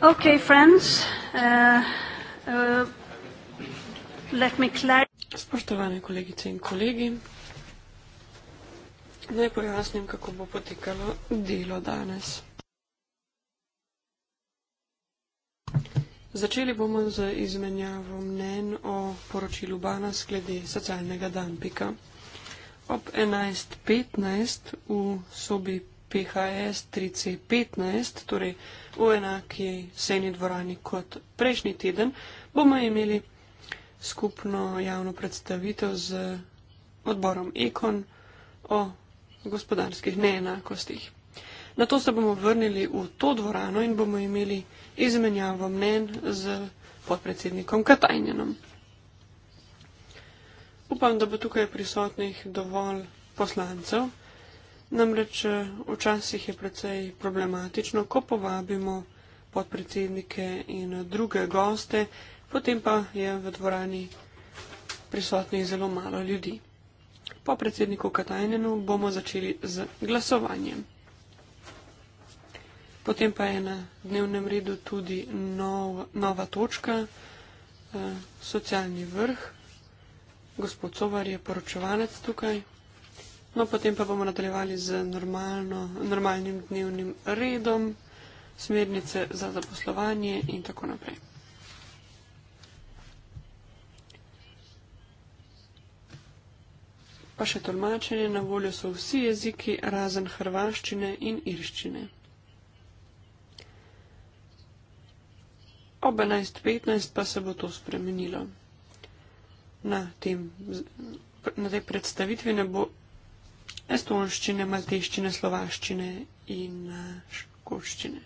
Okay, friends, uh, uh, let me Spoštovane kolegice in kolegi, naj pojasnim, kako bo potekalo delo danes. Začeli bomo z izmenjavo mnen o poročilu Bana sklede socialnega dampika. Ob 11.15 v sobi PHS 3C15, torej v enaki sejni dvorani kot prejšnji teden, bomo imeli skupno javno predstavitev z odborom Ekon o gospodarskih neenakostih. Na to se bomo vrnili v to dvorano in bomo imeli izmenjavo mnen z podpredsednikom Katajnjenom. Upam, da bo tukaj prisotnih dovolj poslancev. Namreč eh, včasih je precej problematično, ko povabimo podpredsednike in druge goste, potem pa je v dvorani prisotnih zelo malo ljudi. Po predsedniku Katajnenu bomo začeli z glasovanjem. Potem pa je na dnevnem redu tudi nov, nova točka, eh, socialni vrh. Gospod Sovar je poročevalec tukaj. No, potem pa bomo nadaljevali z normalno, normalnim dnevnim redom, smernice za zaposlovanje in tako naprej. Pa še tolmačenje, na voljo so vsi jeziki, razen hrvaščine in irščine. Ob 11.15 pa se bo to spremenilo. Na, tem, na tej predstavitvi ne bo estonščine, malteščine, slovaščine in eh, škoščine.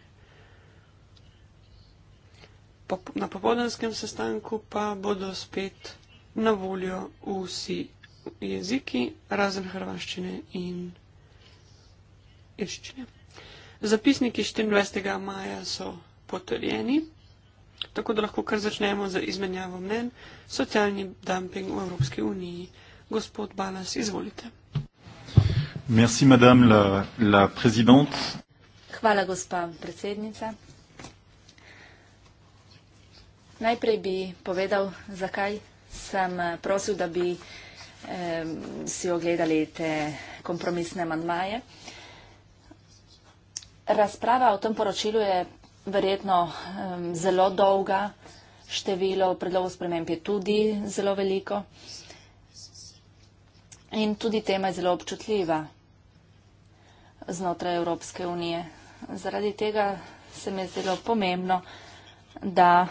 Na popodanskem sestanku pa bodo spet na voljo vsi jeziki, razen hrvaščine in irščine. Zapisniki 24. maja so potrjeni, tako da lahko kar začnemo z izmenjavo mnen, socialni dumping v Evropski uniji. Gospod Balas, izvolite. Merci, madame la, la présidente. Hvala, gospa predsednica. Najprej bi povedal, zakaj sem eh, prosil, da bi eh, si ogledali te kompromisne manjmaje. Razprava o tem poročilu je verjetno eh, zelo dolga, število predlogov sprememb je tudi zelo veliko in tudi tema je zelo občutljiva znotraj Evropske unije. Zaradi tega se mi je zdelo pomembno, da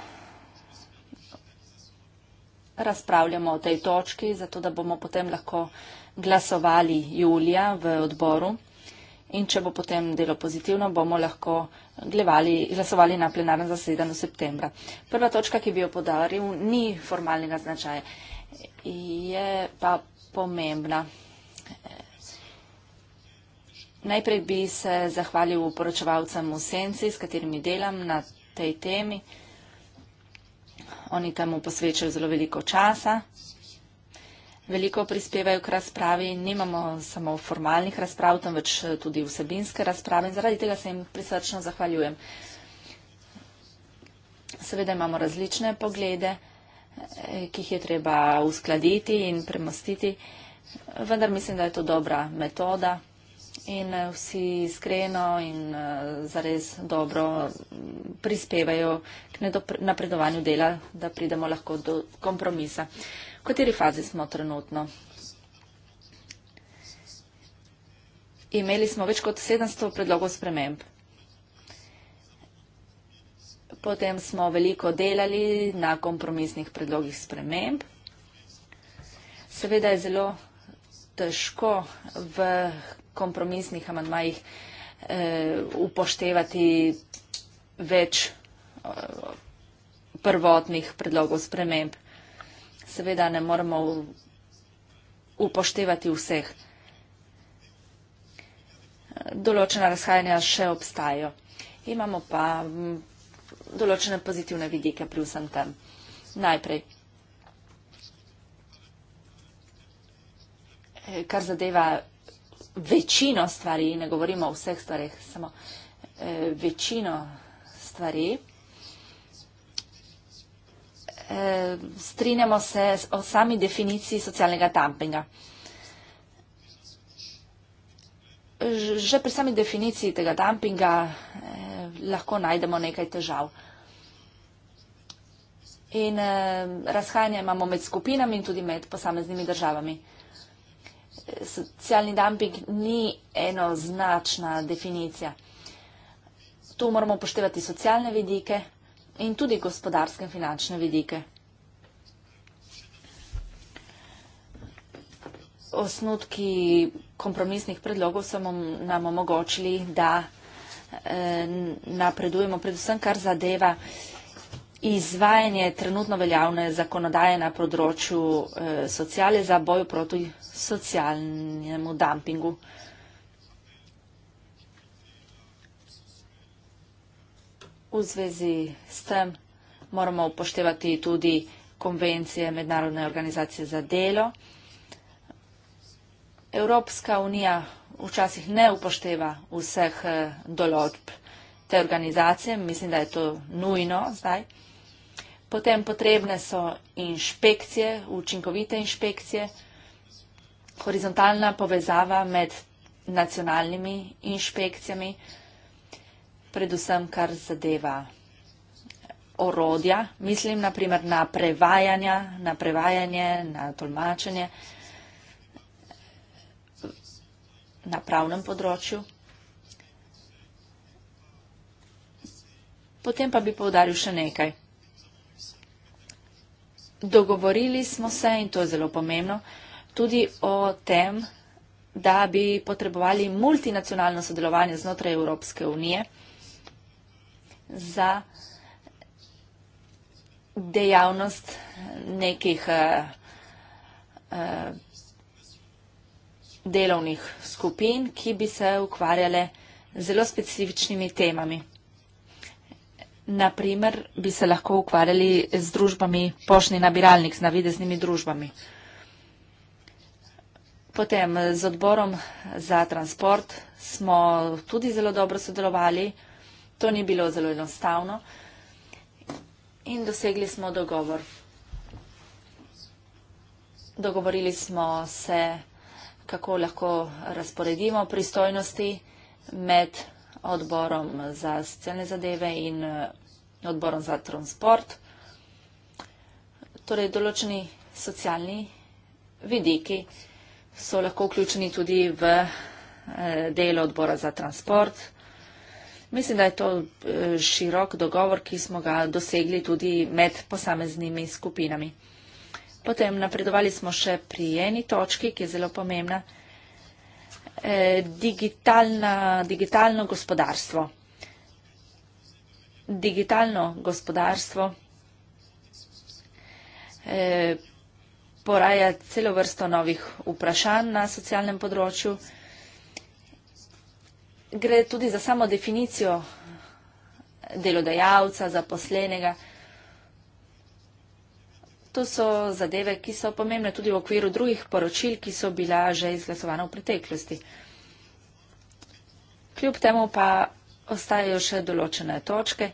razpravljamo o tej točki, zato da bomo potem lahko glasovali julija v odboru. In če bo potem delo pozitivno, bomo lahko glevali, glasovali na plenarnem zasedanju septembra. Prva točka, ki bi jo podaril, ni formalnega značaja, je pa pomembna. Najprej bi se zahvalil poročevalcem v senci, s katerimi delam na tej temi. Oni temu posvečajo zelo veliko časa. Veliko prispevajo k razpravi, nimamo samo formalnih razprav, temveč tudi vsebinske razprave in zaradi tega se jim prisrčno zahvaljujem. Seveda imamo različne poglede, eh, ki jih je treba uskladiti in premostiti, vendar mislim, da je to dobra metoda in eh, vsi iskreno in eh, zares dobro prispevajo k napredovanju dela, da pridemo lahko do kompromisa. V kateri fazi smo trenutno? Imeli smo več kot 700 predlogov sprememb. Potem smo veliko delali na kompromisnih predlogih sprememb. Seveda je zelo težko v kompromisnih amandmajih eh, upoštevati več eh, prvotnih predlogov sprememb. Seveda ne moremo upoštevati vseh. Določena razhajanja še obstajajo. Imamo pa mm, določene pozitivne vidike pri vsem tem. Najprej, eh, kar zadeva večino stvari, ne govorimo o vseh stvarih, samo e, večino stvari. E, strinjamo se o sami definiciji socialnega dumpinga. Že pri sami definiciji tega dumpinga eh, lahko najdemo nekaj težav. In eh, razhajanje imamo med skupinami in tudi med posameznimi državami. Eh, socialni dumping ni enoznačna definicija. Tu moramo upoštevati socialne vidike in tudi gospodarske in finančne vidike. Osnutki kompromisnih predlogov so nam omogočili, da eh, napredujemo predvsem, kar zadeva predvsem, izvajanje trenutno veljavne zakonodaje na področju eh, sociale za boj proti socialnemu dumpingu. V zvezi s tem moramo upoštevati tudi konvencije Mednarodne organizacije za delo. Evropska unija včasih ne upošteva vseh eh, določb te organizacije. Mislim, da je to nujno zdaj. Potem potrebne so inšpekcije, učinkovite inšpekcije, horizontalna povezava med nacionalnimi inšpekcijami, predvsem kar zadeva orodja, mislim naprimer na prevajanja, na prevajanje, na tolmačenje na pravnem področju. Potem pa bi povdaril še nekaj dogovorili smo se, in to je zelo pomembno, tudi o tem, da bi potrebovali multinacionalno sodelovanje znotraj Evropske unije za dejavnost nekih uh, uh, delovnih skupin, ki bi se ukvarjale z zelo specifičnimi temami naprimer, bi se lahko ukvarjali z družbami pošni nabiralnik, z navideznimi družbami. Potem z odborom za transport smo tudi zelo dobro sodelovali. To ni bilo zelo enostavno in dosegli smo dogovor. Dogovorili smo se, kako lahko razporedimo pristojnosti med odborom za socialne zadeve in odborom za transport. Torej, določeni socialni vidiki so lahko vključeni tudi v eh, delo odbora za transport. Mislim, da je to eh, širok dogovor, ki smo ga dosegli tudi med posameznimi skupinami. Potem napredovali smo še pri eni točki, ki je zelo pomembna. Eh, digitalna, digitalno gospodarstvo digitalno gospodarstvo eh, poraja celo vrsto novih vprašanj na socialnem področju. Gre tudi za samo definicijo delodajalca, zaposlenega. To so zadeve, ki so pomembne tudi v okviru drugih poročil, ki so bila že izglasovana v preteklosti. Kljub temu pa ostajajo še določene točke,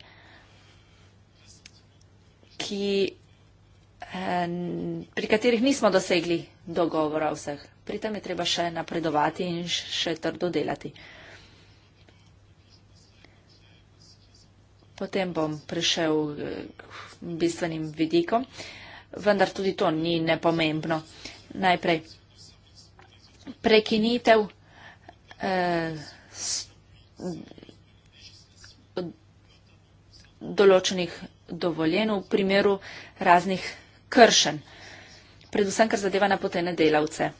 ki, eh, pri katerih nismo dosegli dogovora vseh. Pri tem je treba še napredovati in še trdo delati. Potem bom prišel eh, k bistvenim vidikom, vendar tudi to ni nepomembno. Najprej prekinitev eh, določenih dovoljenj v primeru raznih kršen, predvsem kar zadeva napotene delavce.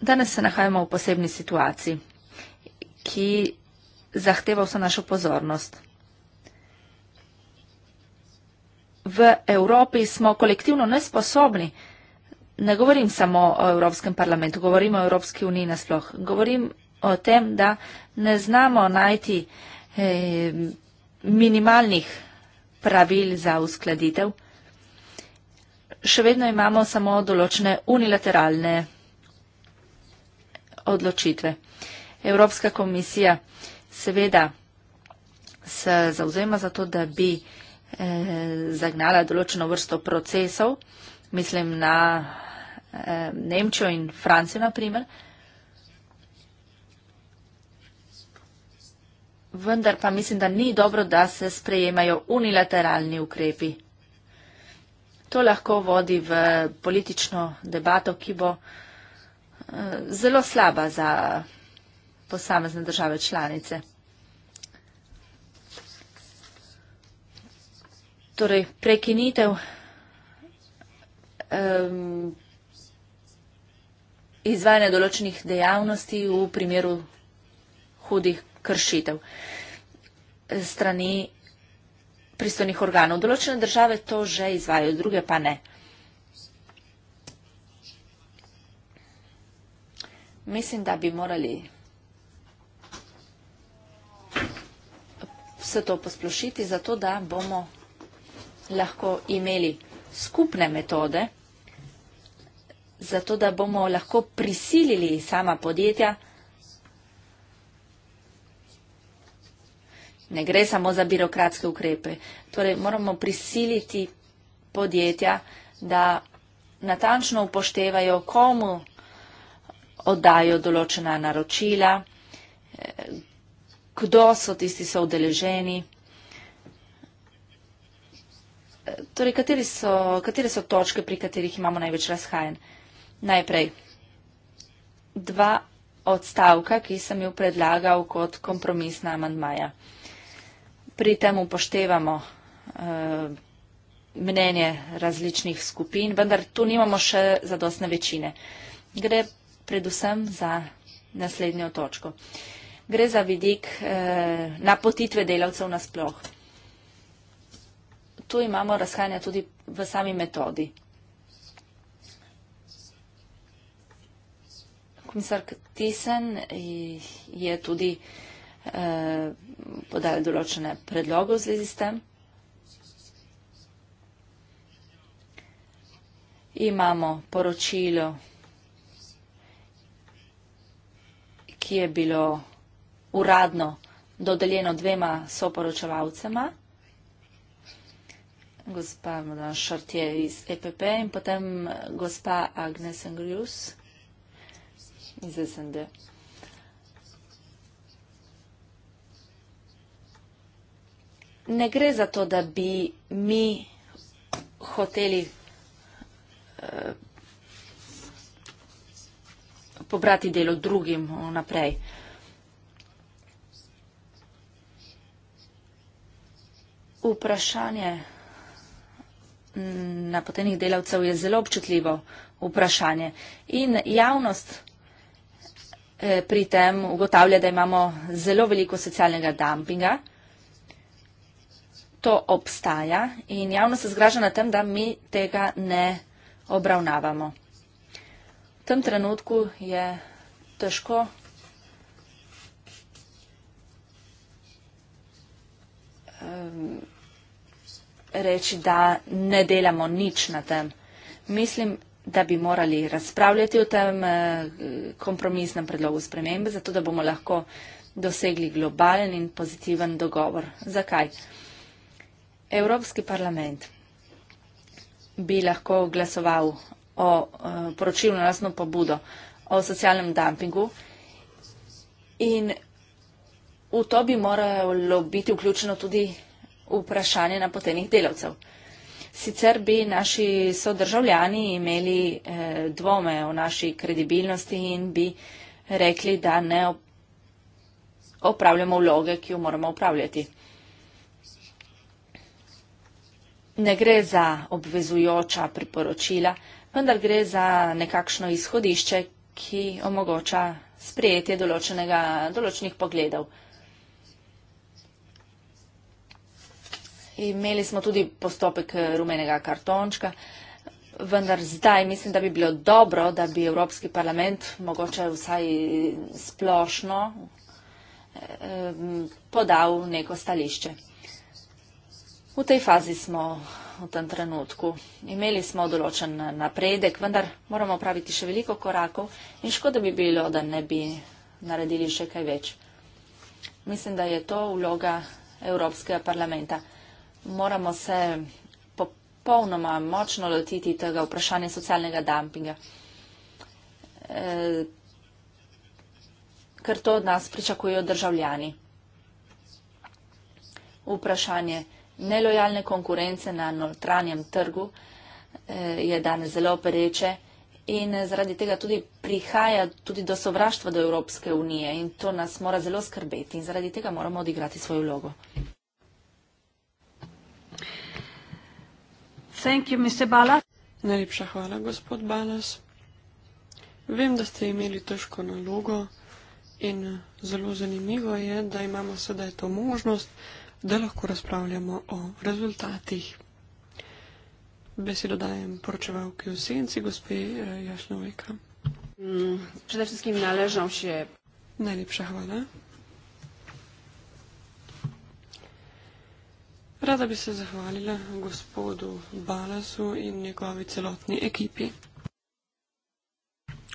Danes se nahajamo v posebni situaciji, ki zahteva vso našo pozornost. V Evropi smo kolektivno nesposobni, ne govorim samo o Evropskem parlamentu, govorim o Evropski uniji nasploh, govorim o tem, da ne znamo najti eh, minimalnih pravil za uskladitev. Še vedno imamo samo določene unilateralne odločitve. Evropska komisija seveda se zauzema za to, da bi eh, zagnala določeno vrsto procesov, mislim na eh, Nemčijo in Francijo naprimer, eh, vendar pa mislim, da ni dobro, da se sprejemajo unilateralni ukrepi. To lahko vodi v politično debato, ki bo eh, zelo slaba za posamezne države članice. Torej, prekinitev um, izvajanja določenih dejavnosti v primeru hudih kršitev strani pristojnih organov. Določene države to že izvajajo, druge pa ne. Mislim, da bi morali vse to posplošiti, zato da bomo lahko imeli skupne metode, zato da bomo lahko prisilili sama podjetja, ne gre samo za birokratske ukrepe. Torej, moramo prisiliti podjetja, da natančno upoštevajo, komu oddajo določena naročila, eh, kdo so tisti, ki so udeleženi, eh, torej, katere so, katere so točke, pri katerih imamo največ razhajanj. Najprej, dva odstavka, ki sem ju predlagal kot kompromisna amandmaja pri tem upoštevamo eh, mnenje različnih skupin, vendar tu nimamo še zadostne večine. Gre predvsem za naslednjo točko. Gre za vidik eh, napotitve delavcev nasploh. Tu imamo razhajanja tudi v sami metodi. Komisar Tisen je tudi vsega, Eh, podajo določene predloge v zvezi s tem. Imamo poročilo, ki je bilo uradno dodeljeno dvema soporočevalcema, gospa Madan Šartje iz EPP in potem gospa Agnes Engrius iz SND. ne gre za to, da bi mi hoteli eh, pobrati delo drugim naprej. Vprašanje mm, napotenih delavcev je zelo občutljivo vprašanje in javnost eh, pri tem ugotavlja, da imamo zelo veliko socialnega dumpinga to obstaja in javno se zgraža na tem, da mi tega ne obravnavamo. V tem trenutku je težko. reči, da ne delamo nič na tem. Mislim, da bi morali razpravljati o tem eh, kompromisnem predlogu spremembe, zato da bomo lahko dosegli globalen in pozitiven dogovor. Zakaj? Evropski parlament bi lahko glasoval o eh, poročilu na lasno pobudo o socialnem dampingu in v to bi moralo biti vključeno tudi vprašanje napotenih delavcev. Sicer bi naši sodržavljani imeli eh, dvome o naši kredibilnosti in bi rekli, da ne opravljamo vloge, ki jo moramo upravljati. Ne gre za obvezujoča priporočila, vendar gre za nekakšno izhodišče, ki omogoča sprejetje določenih pogledov. Imeli smo tudi postopek eh, rumenega kartončka, vendar zdaj mislim, da bi bilo dobro, da bi Evropski parlament mogoče vsaj splošno eh, eh podal neko stališče. V tej fazi smo v tem trenutku. Imeli smo določen napredek, vendar moramo praviti še veliko korakov in škoda bi bilo, da ne bi naredili še kaj več. Mislim, da je to vloga Evropskega parlamenta. Moramo se popolnoma močno lotiti tega vprašanja socialnega dampinga, e, ker to od nas pričakujejo državljani. Vprašanje je, nelojalne konkurence na notranjem trgu eh, je danes zelo pereče in zaradi tega tudi prihaja tudi do sovraštva do Evropske unije in to nas mora zelo skrbeti in zaradi tega moramo odigrati svojo vlogo. You, Najlepša hvala, gospod Balas. Vem, da ste imeli težko nalogo in zelo zanimivo je, da imamo sedaj to možnost, da lahko razpravljamo o rezultatih. Besedo dajem poročevalki v senci, gospe eh, Jašnoveka. Mm, Pred vsem naležam še. Najlepša hvala. Rada bi se zahvalila gospodu Balasu in njegovi celotni ekipi.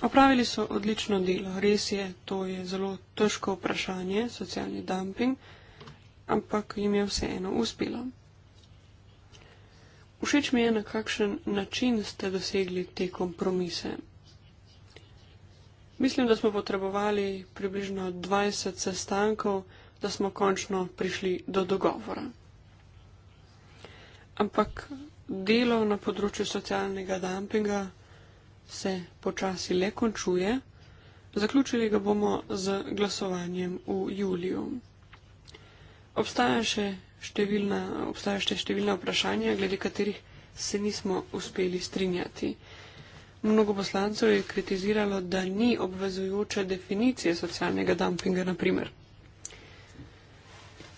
Opravili so odlično delo. Res je, to je zelo težko vprašanje, socialni dumping ampak jim je vseeno uspelo. Všeč mi je, na kakšen način ste dosegli te kompromise. Mislim, da smo potrebovali približno 20 sestankov, da smo končno prišli do dogovora. Ampak delo na področju socialnega dumpinga se počasi le končuje. Zaključili ga bomo z glasovanjem v juliju. Obstaja še številna, obstaja še številna vprašanja, glede katerih se nismo uspeli strinjati. Mnogo poslancev je kritiziralo, da ni obvezujoče definicije socialnega dumpinga, naprimer.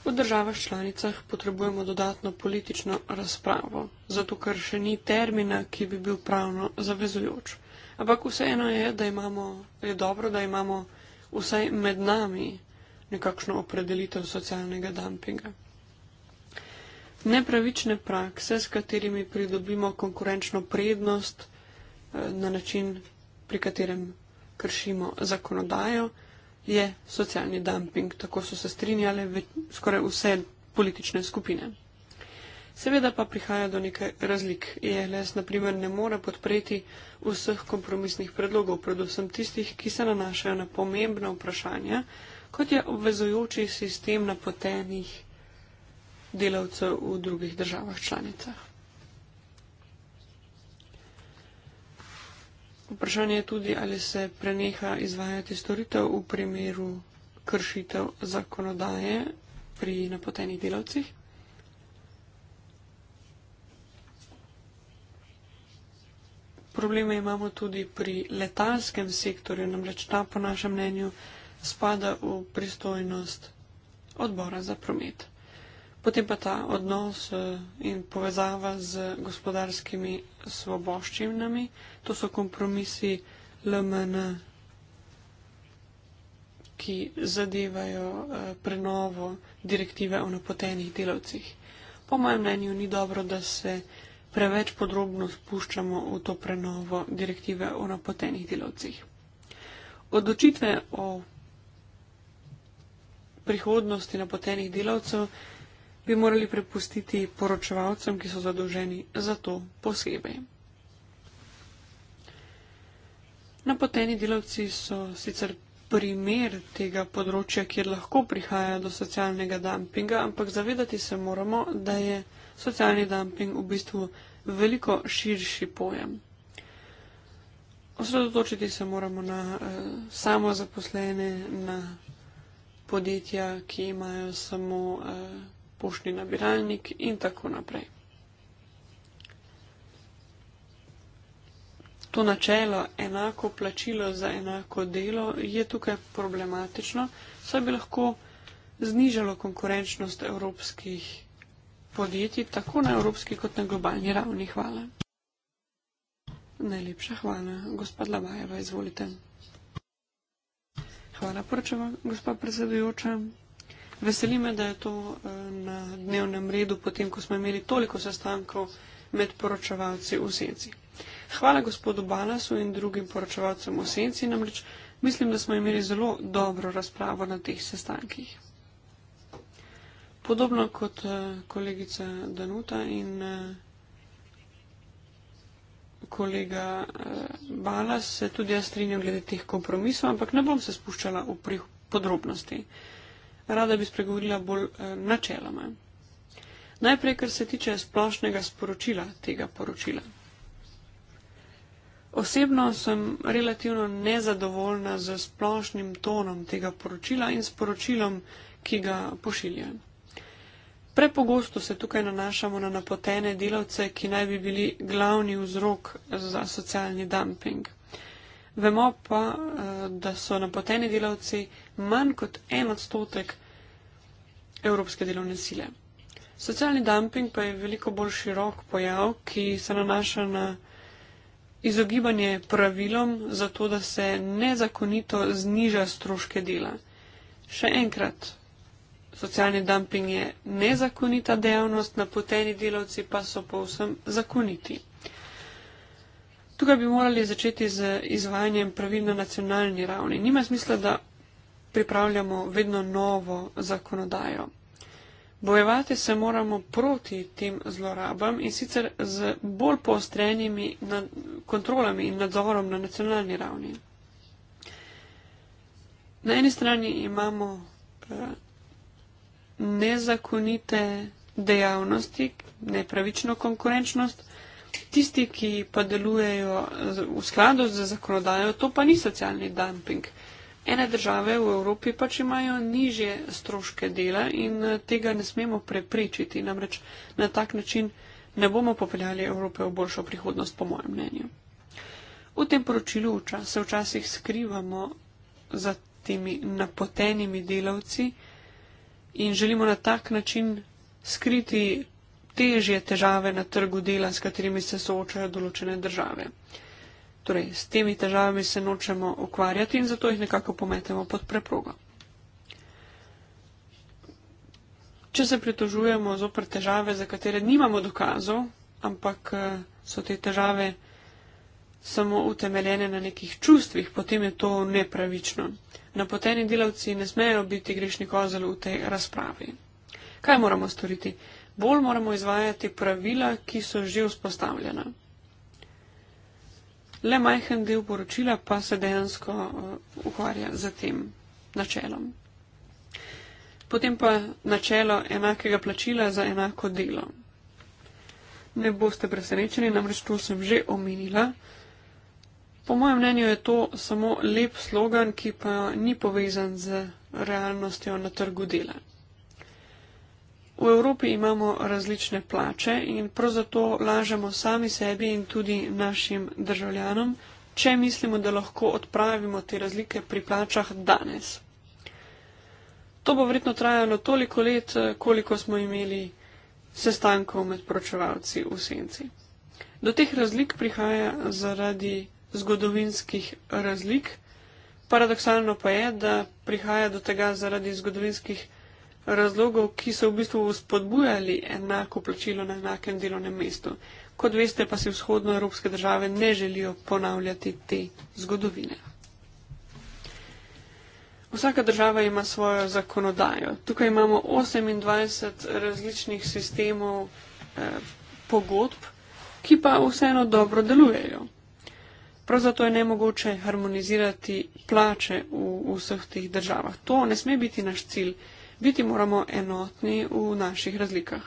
V državah članicah potrebujemo dodatno politično razpravo, zato ker še ni termina, ki bi bil pravno zavezujoč. Ampak vseeno je, da imamo, je dobro, da imamo vsaj med nami nekakšno opredelitev socialnega dumpinga. Nepravične prakse, s katerimi pridobimo konkurenčno prednost eh, na način, pri katerem kršimo zakonodajo, je socialni dumping. Tako so se strinjale skoraj vse politične skupine. Seveda pa prihaja do nekaj razlik. ELS naprimer ne more podpreti vseh kompromisnih predlogov, predvsem tistih, ki se nanašajo na pomembna vprašanja, kot je obvezujoči sistem napotenih delavcev v drugih državah članicah. Vprašanje je tudi, ali se preneha izvajati storitev v primeru kršitev zakonodaje pri napotenih delavcih. Probleme imamo tudi pri letalskem sektorju, namreč ta po našem mnenju spada v pristojnost odbora za promet. Potem pa ta odnos eh, in povezava z gospodarskimi svoboščinami, to so kompromisi LMN, ki zadevajo eh, prenovo direktive o napotenih delavcih. Po mojem mnenju ni dobro, da se preveč podrobno spuščamo v to prenovo direktive o napotenih delavcih. Odločitve o prihodnosti napotenih delavcev bi morali prepustiti poročevalcem, ki so zadolženi za to posebej. Napoteni delavci so sicer primer tega področja, kjer lahko prihaja do socialnega dumpinga, ampak zavedati se moramo, da je socialni dumping v bistvu veliko širši pojem. Osredotočiti se moramo na eh, samozaposlene, na podjetja, ki imajo samo eh, poštni nabiralnik in tako naprej. To načelo enako plačilo za enako delo je tukaj problematično, saj bi lahko znižalo konkurenčnost evropskih podjetij tako na evropski kot na globalni ravni. Hvala. Najlepša hvala. Gospod Lavajeva, izvolite. Hvala, prva, gospa predsedujoča. Veseli me, da je to eh, na dnevnem redu, potem, ko smo imeli toliko sestankov med poročevalci v senci. Hvala gospodu Balasu in drugim poročevalcem v senci, namreč mislim, da smo imeli zelo dobro razpravo na teh sestankih. Podobno kot eh, kolegica Danuta in eh, kolega eh, Balas, se tudi jaz strinjam glede teh kompromisov, ampak ne bom se spuščala v podrobnosti. Rada bi spregovorila bolj eh, načeloma. Najprej, kar se tiče splošnega sporočila tega poročila. Osebno sem relativno nezadovoljna z splošnim tonom tega poročila in sporočilom, ki ga pošiljam. Prepogosto se tukaj nanašamo na napotene delavce, ki naj bi bili glavni vzrok za socialni dumping. Vemo pa, eh, da so napoteni delavci manj kot en odstotek evropske delovne sile. Socialni dumping pa je veliko bolj širok pojav, ki se nanaša na izogibanje pravilom, zato da se nezakonito zniža stroške dela. Še enkrat, Socialni dumping je nezakonita dejavnost, napoteni delavci pa so povsem zakoniti. Tukaj bi morali začeti z izvajanjem pravil na nacionalni ravni. Nima smisla, da pripravljamo vedno novo zakonodajo. Bojevati se moramo proti tem zlorabam in sicer z bolj poostrenimi kontrolami in nadzorom na nacionalni ravni. Na eni strani imamo eh, nezakonite dejavnosti, nepravično konkurenčnost. Tisti, ki pa delujejo v skladu z zakonodajo, to pa ni socialni dumping. Ene države v Evropi pač imajo nižje stroške dela in eh, tega ne smemo preprečiti. Namreč na tak način ne bomo popeljali Evrope v boljšo prihodnost, po mojem mnenju. V tem poročilu se včasih skrivamo za temi napotenimi delavci in želimo na tak način skriti težje težave na trgu dela, s katerimi se soočajo določene države. Torej, s temi težavami se nočemo ukvarjati in zato jih nekako pometemo pod preprogo. Če se pritožujemo zoper težave, za katere nimamo dokazov, ampak eh, so te težave samo utemeljene na nekih čustvih, potem je to nepravično. Napoteni delavci ne smejo biti grešni kozel v tej razpravi. Kaj moramo storiti? Bolj moramo izvajati pravila, ki so že vzpostavljena. Le majhen del poročila pa se dejansko uh, ukvarja z tem načelom. Potem pa načelo enakega plačila za enako delo. Ne boste presenečeni, namreč to sem že omenila. Po mojem mnenju je to samo lep slogan, ki pa ni povezan z realnostjo na trgu dela. V Evropi imamo različne plače in prav zato lažemo sami sebi in tudi našim državljanom, če mislimo, da lahko odpravimo te razlike pri plačah danes. To bo vredno trajalo toliko let, koliko smo imeli sestankov med pročevalci v senci. Do teh razlik prihaja zaradi zgodovinskih razlik. Paradoksalno pa je, da prihaja do tega zaradi zgodovinskih razlogov, ki so v bistvu spodbujali enako plačilo na enakem delovnem mestu. Kot veste, pa si vzhodnoevropske države ne želijo ponavljati te zgodovine. Vsaka država ima svojo zakonodajo. Tukaj imamo 28 različnih sistemov eh, pogodb, ki pa vseeno dobro delujejo. Prav zato je nemogoče harmonizirati plače v vseh teh državah. To ne sme biti naš cilj. Biti moramo enotni v naših razlikah.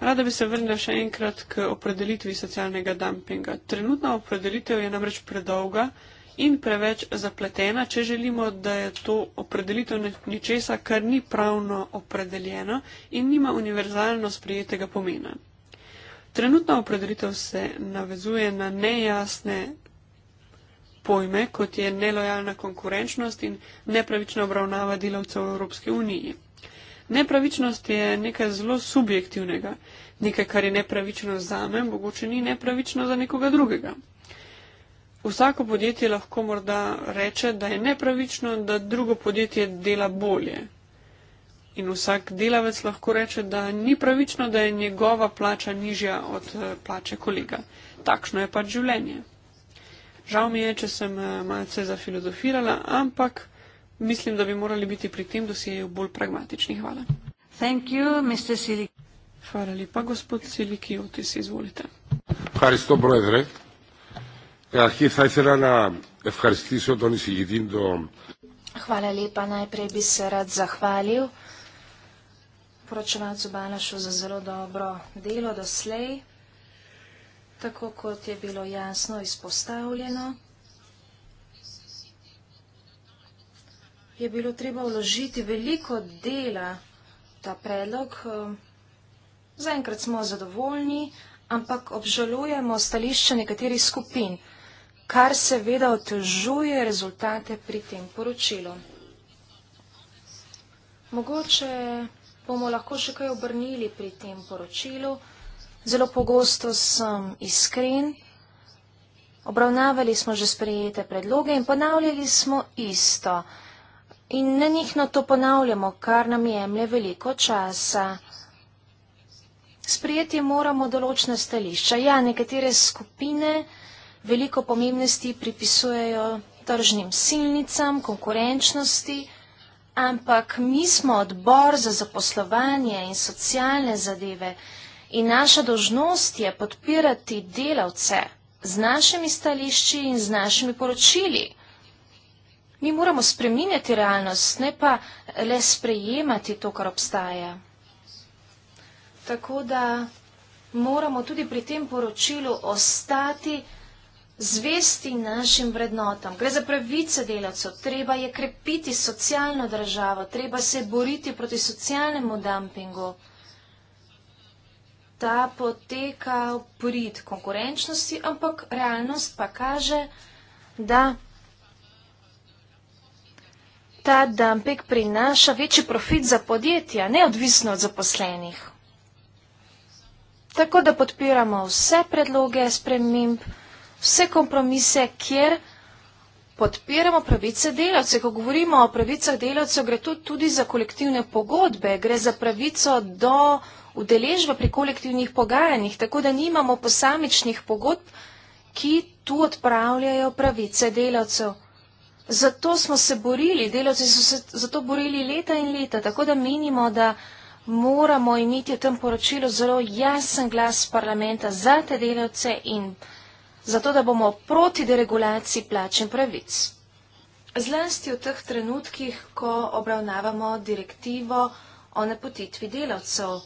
Rada bi se vrnila še enkrat k opredelitvi socialnega dumpinga. Trenutna opredelitev je namreč predolga in preveč zapletena, če želimo, da je to opredelitev ničesa, kar ni pravno opredeljeno in nima univerzalno sprijetega pomena. Trenutna opredelitev se navezuje na nejasne pojme, kot je nelojalna konkurenčnost in nepravična obravnava delavcev v Evropski uniji. Nepravičnost je nekaj zelo subjektivnega, nekaj, kar je nepravično za me, mogoče ni nepravično za nekoga drugega. Vsako podjetje lahko morda reče, da je nepravično, da drugo podjetje dela bolje, in vsak delavec lahko reče, da ni pravično, da je njegova plača nižja od eh, plače kolega. Takšno je pač življenje. Žal mi je, če sem eh, malce zafilozofirala, ampak mislim, da bi morali biti pri tem dosjeju bolj pragmatični. Hvala. You, Hvala lepa, gospod Silikiotis, izvolite. Hvala, brezre. Kaj saj se rada, evharistiso, to nisi jedin do. Hvala lepa, najprej bi se rad zahvalil poročevalcu Banašu za zelo dobro delo doslej, tako kot je bilo jasno izpostavljeno. Je bilo treba vložiti veliko dela ta predlog. Ehm, zaenkrat smo zadovoljni, ampak obžalujemo stališče nekaterih skupin, kar seveda otežuje rezultate pri tem poročilu. Mogoče bomo lahko še kaj obrnili pri tem poročilu. Zelo pogosto sem iskren. Obravnavali smo že sprejete predloge in ponavljali smo isto. In nenihno to ponavljamo, kar nam jemlje veliko časa. Sprijeti moramo določna stališča. Ja, nekatere skupine veliko pomembnosti pripisujejo tržnim silnicam, konkurenčnosti ampak mi smo odbor za zaposlovanje in socialne zadeve in naša dožnost je podpirati delavce z našimi stališči in z našimi poročili. Mi moramo spreminjati realnost, ne pa le sprejemati to, kar obstaja. Tako da moramo tudi pri tem poročilu ostati zvesti našim vrednotam. Gre za pravice delavcev, treba je krepiti socialno državo, treba se boriti proti socialnemu dumpingu. Ta poteka v prid konkurenčnosti, ampak realnost pa kaže, da ta dumping prinaša večji profit za podjetja, neodvisno od zaposlenih. Tako da podpiramo vse predloge sprememb, vse kompromise, kjer podpiramo pravice delavce. Ko govorimo o pravicah delavcev, gre to tudi za kolektivne pogodbe, gre za pravico do udeležba pri kolektivnih pogajanjih, tako da nimamo posamičnih pogodb, ki tu odpravljajo pravice delavcev. Zato smo se borili, delavci so se zato borili leta in leta, tako da menimo, da moramo imeti v tem poročilu zelo jasen glas parlamenta za te delavce in delavce zato da bomo proti deregulaciji plač in pravic. Zlasti v teh trenutkih, ko obravnavamo direktivo o napotitvi delavcev.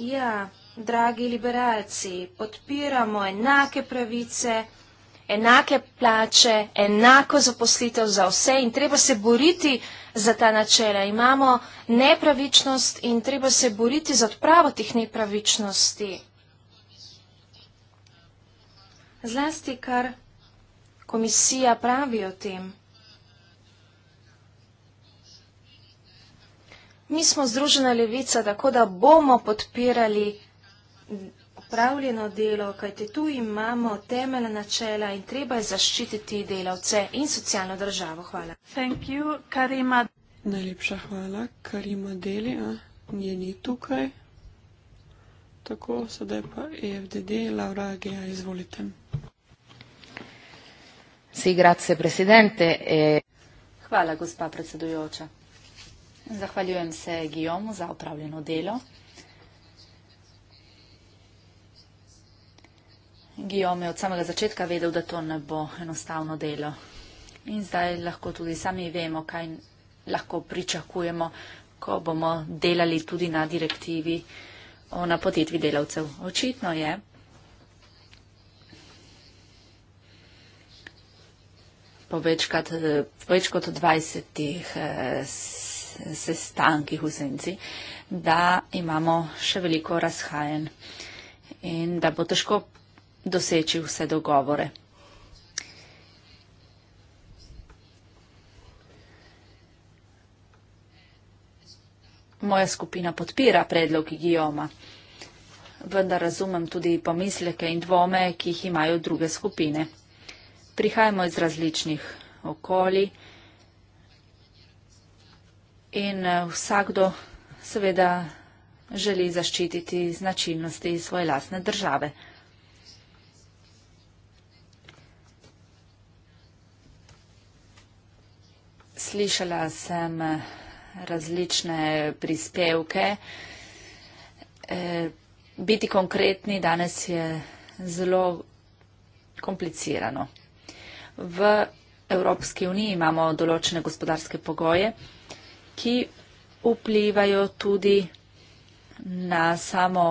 Ja, dragi liberalci, podpiramo enake pravice, enake plače, enako zaposlitev za vse in treba se boriti za ta načela. Imamo nepravičnost in treba se boriti za odpravo tih nepravičnosti zlasti kar komisija pravi o tem. Mi smo združena levica, tako da bomo podpirali upravljeno delo, kajte tu imamo temeljna načela in treba je zaščititi delavce in socialno državo. Hvala. Thank you, Karima. Najlepša hvala, Karima deli, a nje ni tukaj. Tako, sedaj pa EFDD, Laura Agija, izvolite. Sì, grazie Presidente. E... Hvala, gospa predsedujoča. Zahvaljujem se Guillaume za upravljeno delo. Guillaume je od samega začetka vedel, da to ne bo enostavno delo. In zdaj lahko tudi sami vemo, kaj lahko pričakujemo, ko bomo delali tudi na direktivi o napotitvi delavcev. Očitno je, po več, kat, več kot 20 eh, sestankih v senci, da imamo še veliko razhajen in da bo težko doseči vse dogovore. Moja skupina podpira predlog Gijoma, vendar razumem tudi pomisleke in dvome, ki jih imajo druge skupine prihajamo iz različnih okoli in eh, vsakdo seveda želi zaščititi značilnosti svoje lasne države. Slišala sem eh, različne prispevke. Eh, biti konkretni danes je zelo komplicirano v Evropski uniji imamo določene gospodarske pogoje, ki vplivajo tudi na samo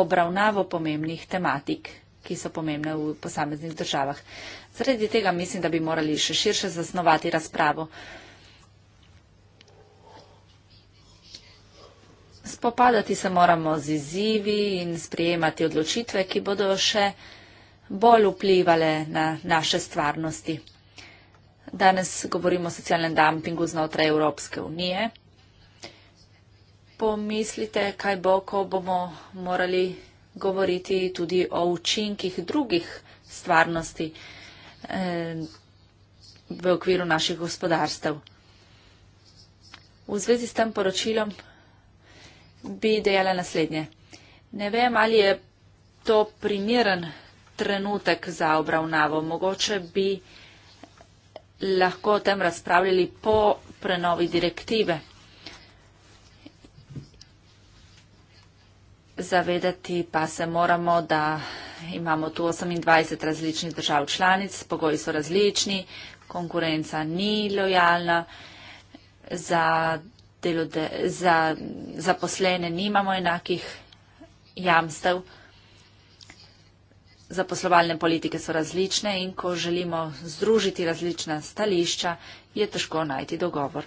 obravnavo pomembnih tematik, ki so pomembne v posameznih državah. Zredi tega mislim, da bi morali še širše zasnovati razpravo. Spopadati se moramo z izzivi in sprijemati odločitve, ki bodo še bolj vplivale na naše stvarnosti. Danes govorimo o socialnem dumpingu znotraj Evropske unije. Pomislite, kaj bo, ko bomo morali govoriti tudi o učinkih drugih stvarnosti eh, v okviru naših gospodarstev. V zvezi s tem poročilom bi dejala naslednje. Ne vem, ali je to primeren trenutek za obravnavo. Mogoče bi lahko o tem razpravljali po prenovi direktive. Zavedati pa se moramo, da imamo tu 28 različnih držav članic, pogoji so različni, konkurenca ni lojalna, za, delode, za, za poslene nimamo enakih jamstev zaposlovalne politike so različne in ko želimo združiti različna stališča, je težko najti dogovor.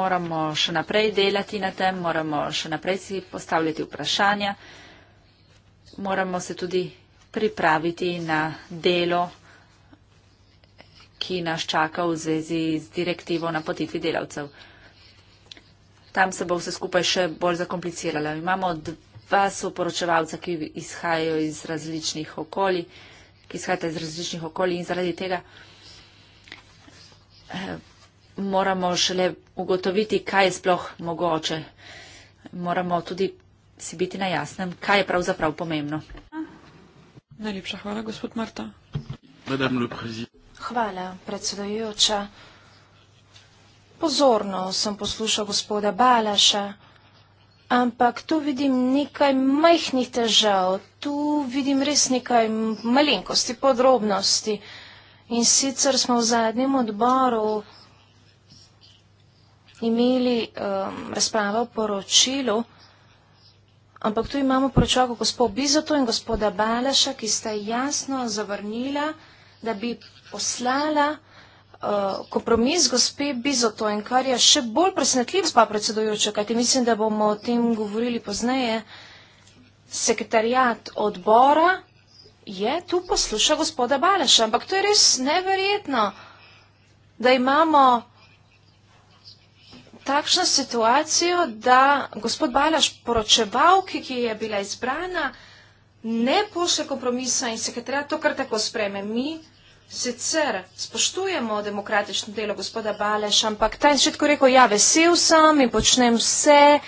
Moramo še naprej delati na tem, moramo še naprej si postavljati vprašanja, moramo se tudi pripraviti na delo, ki nas čaka v zvezi z direktivo na potitvi delavcev. Tam se bo vse skupaj še bolj zakompliciralo. Imamo dva soporočevalca, ki izhajajo iz različnih okolij, ki izhajata iz različnih okolij in zaradi tega eh, moramo šele ugotoviti, kaj je sploh mogoče. Moramo tudi si biti na jasnem, kaj je pravzaprav pomembno. Najlepša hvala, gospod Marta. Hvala, predsedujoča. Pozorno sem poslušal gospoda Balaša. Ampak tu vidim nekaj majhnih težav, tu vidim res nekaj malenkosti, podrobnosti. In sicer smo v zadnjem odboru imeli um, razpravo o poročilu, ampak tu imamo poročilo gospod Bizoto in gospoda Balaša, ki sta jasno zavrnila, da bi poslala Eh, kompromis gospe Bizoto in kar je še bolj presnetljiv, gospa predsedujoča, kajti mislim, da bomo o tem govorili pozneje, sekretarjat odbora je tu posluša gospoda Baleša, ampak to je res neverjetno, da imamo takšno situacijo, da gospod Baleš poročevalki, ki je bila izbrana, ne pošle kompromisa in sekretarjat to kar tako spreme. Mi sicer spoštujemo demokratično delo gospoda Baleša, ampak ta je še tako rekel, ja, vesel sem in počnem vse,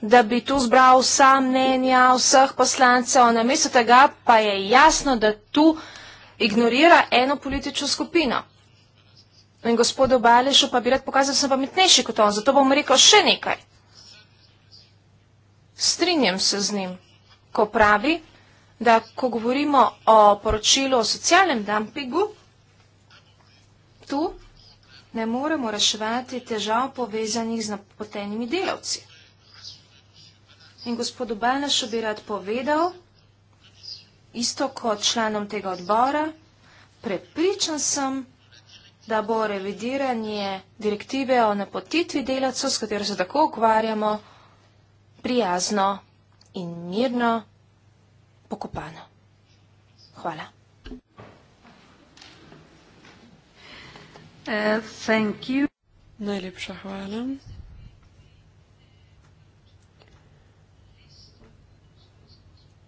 da bi tu zbral vsa mnenja vseh poslancev, namesto tega pa je jasno, da tu ignorira eno politično skupino. In gospodu Balešu pa bi rad pokazal, da sem pametnejši kot on, zato bom rekel še nekaj. Strinjam se z njim, ko pravi, da ko govorimo o poročilu o socialnem dampingu, tu ne moremo reševati težav povezanih z napotenimi delavci. In gospodu Benešu bi rad povedal, isto kot članom tega odbora, prepričan sem, da bo revidiranje direktive o napotitvi delavcev, s katero se tako ukvarjamo, prijazno in mirno pokopano. Hvala. Uh, thank you. Najlepša hvala.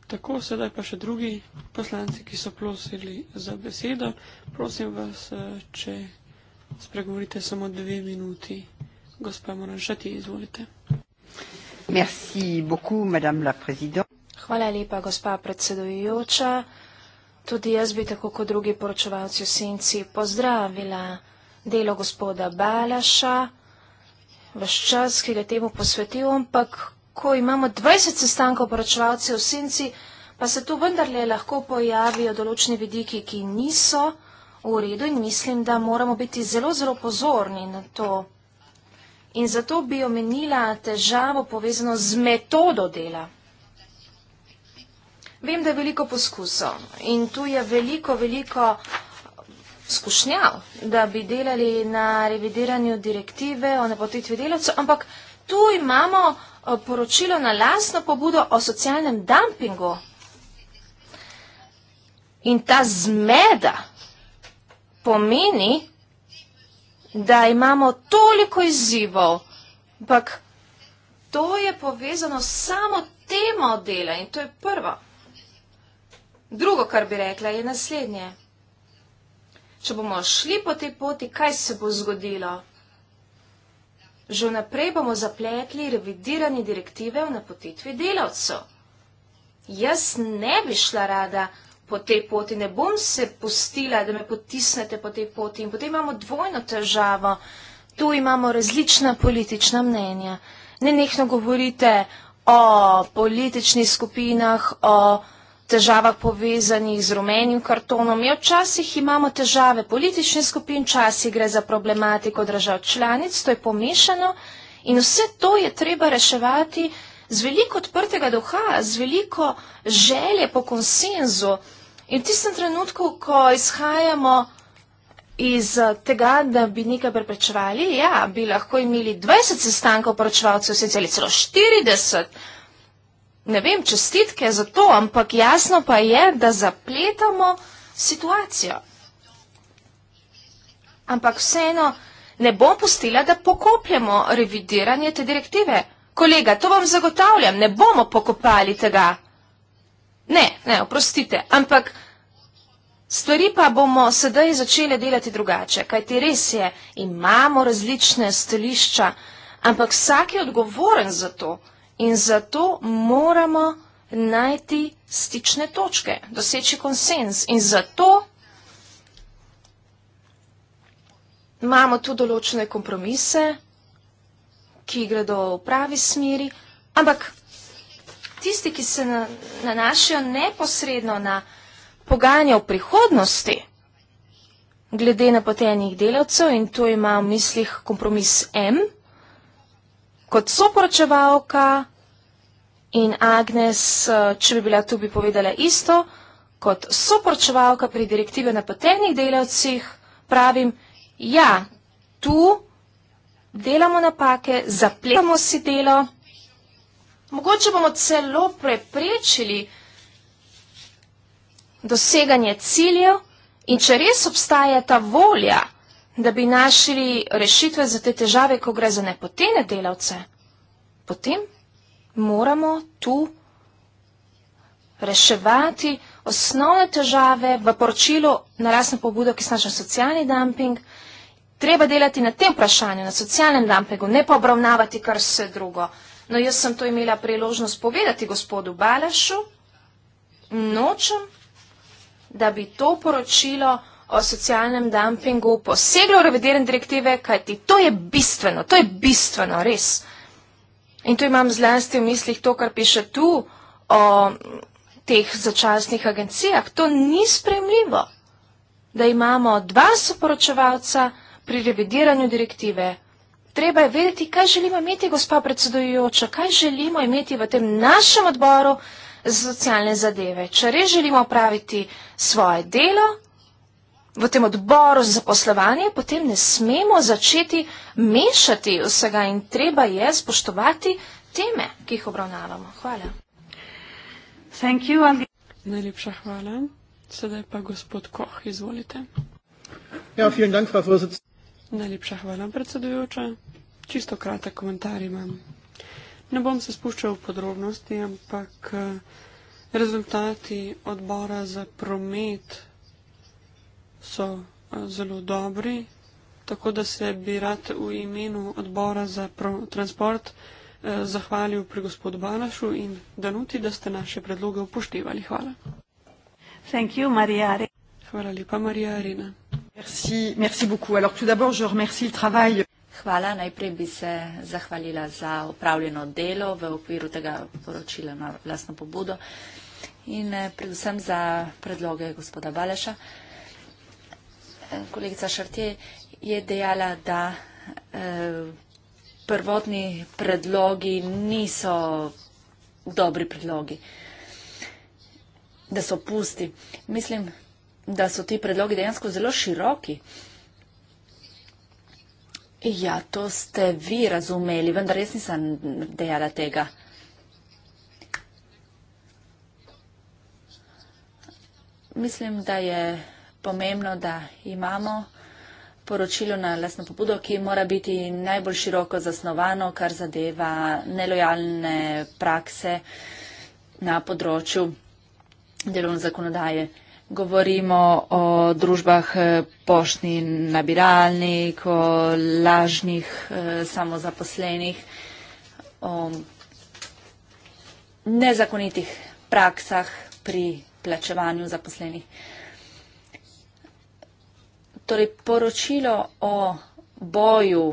Tako, sedaj pa še drugi poslanci, ki so prosili za besedo. Prosim vas, eh, če spregovorite samo dve minuti. Gospa Moranšati, izvolite. Merci beaucoup, madame la président. Hvala lepa, gospa predsedujoča. Tudi jaz bi tako kot drugi poročevalci v senci pozdravila delo gospoda Balaša, vaš čas, ki ga temu posvetil, ampak ko imamo 20 sestankov poročevalcev v Sinci, pa se tu vendarle lahko pojavijo določene vidiki, ki niso v redu in mislim, da moramo biti zelo, zelo pozorni na to. In zato bi omenila težavo povezano z metodo dela. Vem, da je veliko poskusov in tu je veliko, veliko skušnjav, da bi delali na revidiranju direktive o napotitvi delavcev, ampak tu imamo eh, poročilo na lasno pobudo o socialnem dumpingu. In ta zmeda pomeni, da imamo toliko izzivov, ampak to je povezano samo temo dela in to je prvo. Drugo, kar bi rekla, je naslednje če bomo šli po tej poti, kaj se bo zgodilo? Že vnaprej bomo zapletli revidirani direktive v napotitvi delavcev. Jaz ne bi šla rada po tej poti, ne bom se pustila, da me potisnete po tej poti in potem imamo dvojno težavo. Tu imamo različna politična mnenja. Ne nekno govorite o političnih skupinah, o težavah povezanih z rumenim kartonom. Je ja, včasih imamo težave političnih skupin, včasih gre za problematiko držav članic, to je pomešano in vse to je treba reševati z veliko odprtega duha, z veliko želje po konsenzu. In v tistem trenutku, ko izhajamo iz eh, tega, da bi nekaj preprečevali, ja, bi lahko imeli 20 sestankov poročevalcev, vse celo 40 ne vem, čestitke za to, ampak jasno pa je, da zapletamo situacijo. Ampak vseeno ne bom pustila, da pokopljamo revidiranje te direktive. Kolega, to vam zagotavljam, ne bomo pokopali tega. Ne, ne, oprostite, ampak stvari pa bomo sedaj začele delati drugače, kajti res je, imamo različne stališča, ampak vsak je odgovoren za to. In zato moramo najti stične točke, doseči konsens. In zato imamo tu določene kompromise, ki gredo v pravi smeri, ampak tisti, ki se nanašajo neposredno na pogajanje v prihodnosti, glede na potenih delavcev in to ima v mislih kompromis M, kot soporočevalka in Agnes, eh, če bi bila tu, bi povedala isto, kot soporočevalka pri direktive na potrebnih delavcih, pravim, ja, tu delamo napake, zapletamo si delo, mogoče bomo celo preprečili doseganje ciljev in če res obstaja ta volja, da bi našli rešitve za te težave, ko gre za nepotene delavce, potem moramo tu reševati osnovne težave v poročilu na rasno pobudo, ki snaža socialni dumping. Treba delati na tem vprašanju, na socialnem dumpingu, ne pa obravnavati kar vse drugo. No, jaz sem to imela priložnost povedati gospodu Balašu. Nočem, da bi to poročilo o socialnem dumpingu poseglo v revidiran direktive, kajti to je bistveno, to je bistveno, res. In tu imam zlasti v mislih to, kar piše tu o teh začasnih agencijah. To ni spremljivo, da imamo dva soporočevalca pri revidiranju direktive. Treba je vedeti, kaj želimo imeti, gospa predsedujoča, kaj želimo imeti v tem našem odboru za socialne zadeve. Če res želimo praviti svoje delo, v tem odboru za poslovanje, potem ne smemo začeti mešati vsega in treba je spoštovati teme, ki jih obravnavamo. Hvala. You, Najlepša hvala. Sedaj pa gospod Koh, izvolite. Ja, dank, Najlepša hvala, predsedujoča. Čisto kratek komentar imam. Ne bom se spuščal v podrobnosti, ampak eh, rezultati odbora za promet so eh, zelo dobri, tako da se bi rad v imenu odbora za transport eh, zahvalil pri gospodu Balašu in Danuti, da ste naše predloge upoštevali. Hvala. Hvala lepa, Marija Arena. Hvala, najprej bi se zahvalila za upravljeno delo v okviru tega poročila na vlastno pobudo in eh, predvsem za predloge gospoda Baleša kolegica Šrtje je dejala, da eh, prvotni predlogi niso dobri predlogi, da so pusti. Mislim, da so ti predlogi dejansko zelo široki. Ja, to ste vi razumeli, vendar jaz nisem dejala tega. Mislim, da je pomembno, da imamo poročilo na lasno pobudo, ki mora biti najbolj široko zasnovano, kar zadeva nelojalne prakse na področju delovne zakonodaje. Govorimo o družbah eh, poštni nabiralnik, o lažnih eh, samozaposlenih, o nezakonitih praksah pri plačevanju zaposlenih. Torej, poročilo o boju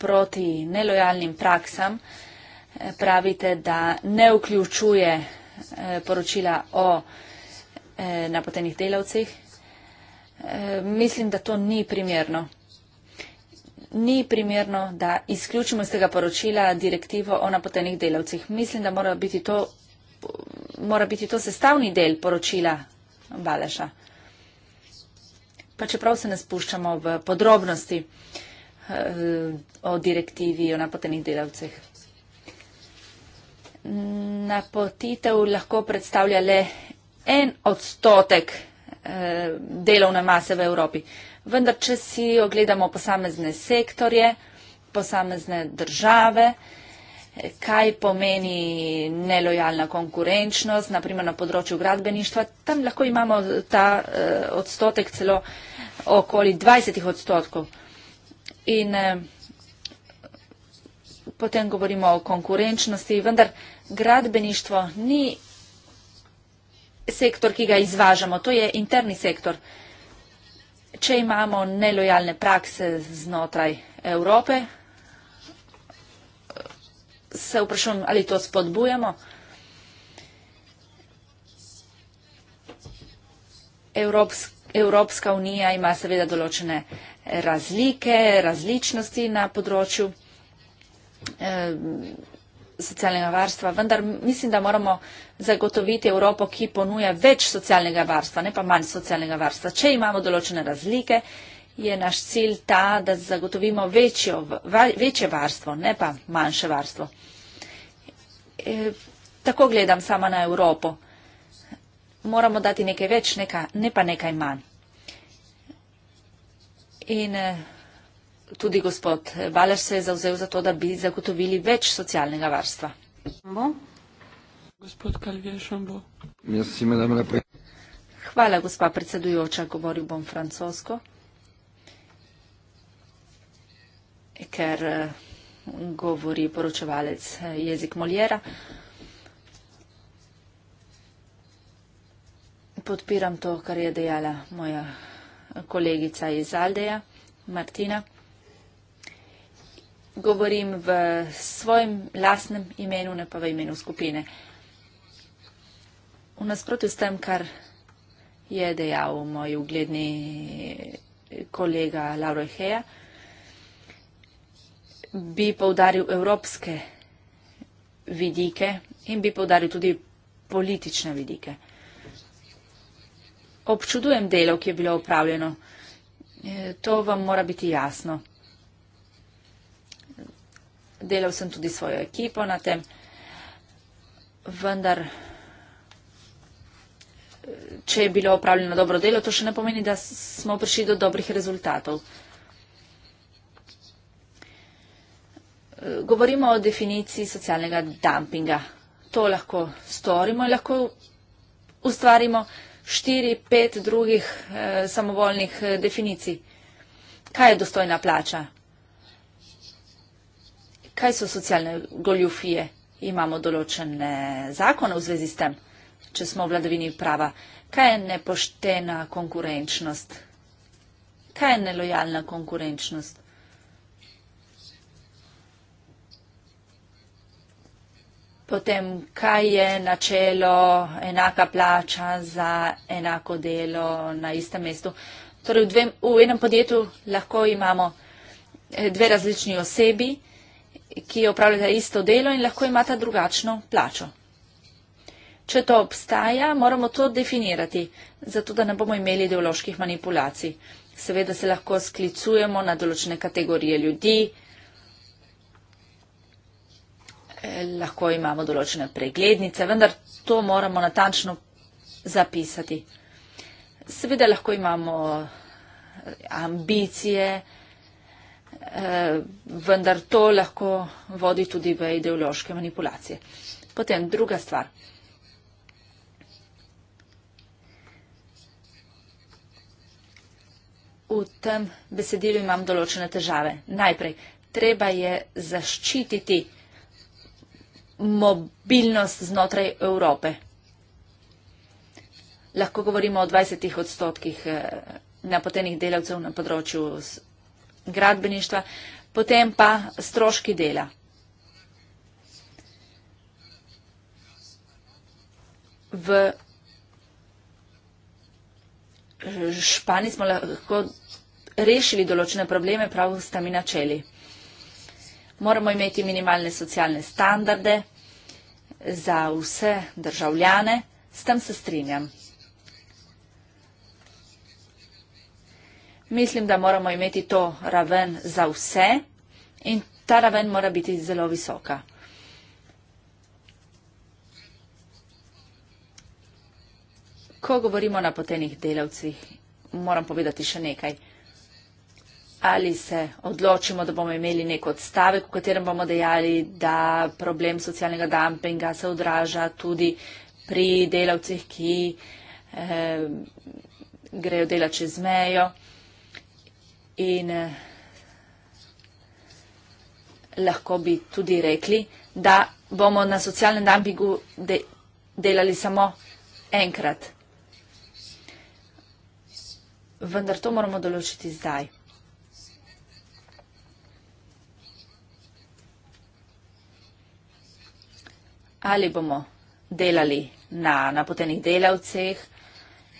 proti nelojalnim praksam eh, pravite, da ne vključuje eh, poročila o eh, napotenih delavcih. Mislim, da to ni primerno. Ni primerno, da izključimo iz tega poročila direktivo o napotenih delavcih. Mislim, da mora biti to, mora biti to sestavni del poročila Baleša pa čeprav se ne spuščamo v podrobnosti eh, o direktivi o napotenih delavcih. Napotitev lahko predstavlja le en odstotek eh, delovne mase v Evropi. Vendar, če si ogledamo posamezne sektorje, posamezne države, kaj pomeni nelojalna konkurenčnost, naprimer na področju gradbeništva, tam lahko imamo ta eh, odstotek celo okoli 20 odstotkov. In eh, potem govorimo o konkurenčnosti, vendar gradbeništvo ni sektor, ki ga izvažamo, to je interni sektor. Če imamo nelojalne prakse znotraj Evrope, se vprašam, ali to spodbujamo. Evropska Evropska unija ima seveda določene razlike, različnosti na področju eh, socialnega varstva, vendar mislim, da moramo zagotoviti Evropo, ki ponuja več socialnega varstva, ne pa manj socialnega varstva. Če imamo določene razlike, je naš cilj ta, da zagotovimo večjo, večje varstvo, ne pa manjše varstvo. Eh, tako gledam sama na Evropo moramo dati nekaj več, nekaj, ne pa nekaj manj. In eh, tudi gospod Balaš se je zauzel za to, da bi zagotovili več socialnega varstva. Bo? Gospod Kalvješan bo. Merci, madame la Hvala, gospa predsedujoča, govoril bom francosko, ker eh, govori poročevalec eh, jezik Molijera. podpiram to, kar je dejala moja kolegica iz Aldeja, Martina. Govorim v svojem lasnem imenu, ne pa v imenu skupine. V nasprotju s tem, kar je dejal moj ugledni kolega Lauro Heja, bi povdaril evropske vidike in bi povdaril tudi politične vidike občudujem delo, ki je bilo upravljeno. E, to vam mora biti jasno. Delal sem tudi svojo ekipo na tem, vendar, e, če je bilo upravljeno dobro delo, to še ne pomeni, da smo prišli do dobrih rezultatov. E, govorimo o definiciji socialnega dumpinga. To lahko storimo in lahko ustvarimo štiri, pet drugih eh, samovoljnih eh, definicij. Kaj je dostojna plača? Kaj so socialne goljufije? Imamo določene zakone v zvezi s tem, če smo v vladavini prava. Kaj je nepoštena konkurenčnost? Kaj je nelojalna konkurenčnost? Potem, kaj je načelo enaka plača za enako delo na istem mestu? Torej, v, dve, v enem podjetju lahko imamo eh, dve različni osebi, ki opravljata isto delo in lahko imata drugačno plačo. Če to obstaja, moramo to definirati, zato da ne bomo imeli ideoloških manipulacij. Seveda se lahko sklicujemo na določene kategorije ljudi, Eh, lahko imamo določene preglednice, vendar to moramo natančno zapisati. Seveda lahko imamo eh, ambicije, eh, vendar to lahko vodi tudi v ideološke manipulacije. Potem druga stvar. V tem besedilu imam določene težave. Najprej, treba je zaščititi mobilnost znotraj Evrope. Lahko govorimo o 20 odstotkih eh, napotenih delavcev na področju gradbeništva, potem pa stroški dela. V Španiji smo lahko rešili določene probleme prav s temi načeli moramo imeti minimalne socialne standarde za vse državljane, s tem se strinjam. Mislim, da moramo imeti to raven za vse in ta raven mora biti zelo visoka. Ko govorimo o napotenih delavcih, moram povedati še nekaj ali se odločimo, da bomo imeli nek odstavek, v katerem bomo dejali, da problem socialnega dumpinga se odraža tudi pri delavcih, ki eh, grejo delati čez mejo in eh, lahko bi tudi rekli, da bomo na socialnem dumpingu de delali samo enkrat. Vendar to moramo določiti zdaj. ali bomo delali na napotenih delavceh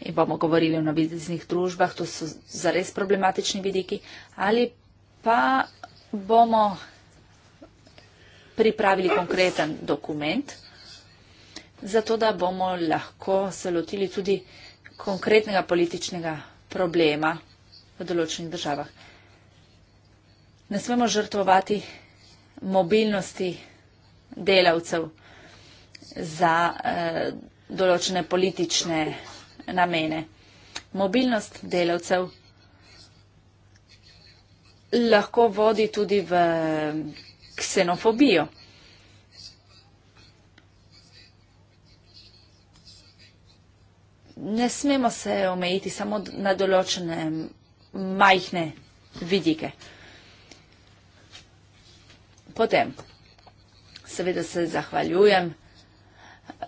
in bomo govorili o naviznih družbah, to so zares problematični vidiki, ali pa bomo pripravili konkreten dokument, zato da bomo lahko se lotili tudi konkretnega političnega problema v določenih državah. Ne smemo žrtvovati mobilnosti delavcev za eh, določene politične namene. Mobilnost delavcev lahko vodi tudi v ksenofobijo. Ne smemo se omejiti samo na določene majhne vidike. Potem, seveda se zahvaljujem.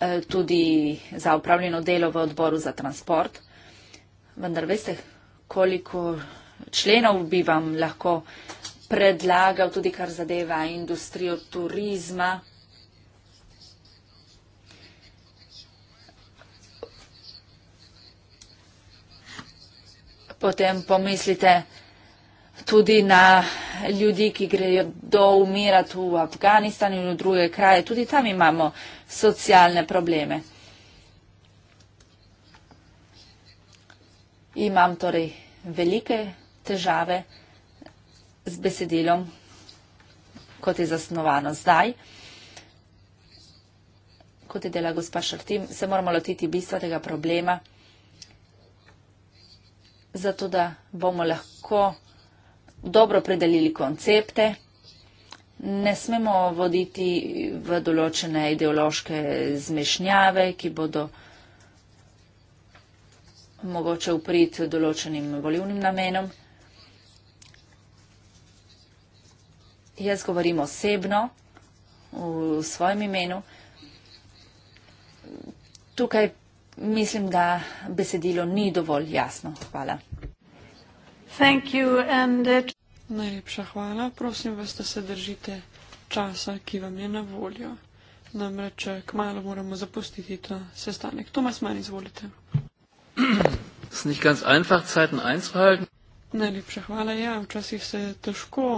Eh, tudi za upravljeno delo v odboru za transport. Vendar veste, koliko členov bi vam lahko predlagal, tudi kar zadeva industrijo turizma. Potem pomislite tudi na ljudi, ki grejo do umirati v Afganistanu in v druge kraje. Tudi tam imamo socialne probleme. Imam torej velike težave z besedilom, kot je zasnovano zdaj. Kot je dela gospa Šrtim, se moramo lotiti bistva tega problema, zato da bomo lahko dobro predelili koncepte ne smemo voditi v določene ideološke zmešnjave, ki bodo mogoče upriti določenim volivnim namenom. Jaz govorim osebno, v svojem imenu. Tukaj mislim, da besedilo ni dovolj jasno. Hvala. Thank you and, uh... Najlepša hvala. Prosim vas, da se držite časa, ki vam je na voljo. Namreč eh, kmalo moramo zapustiti to sestanek. Tomas Man, izvolite. Najlepša hvala. Ja, včasih se je težko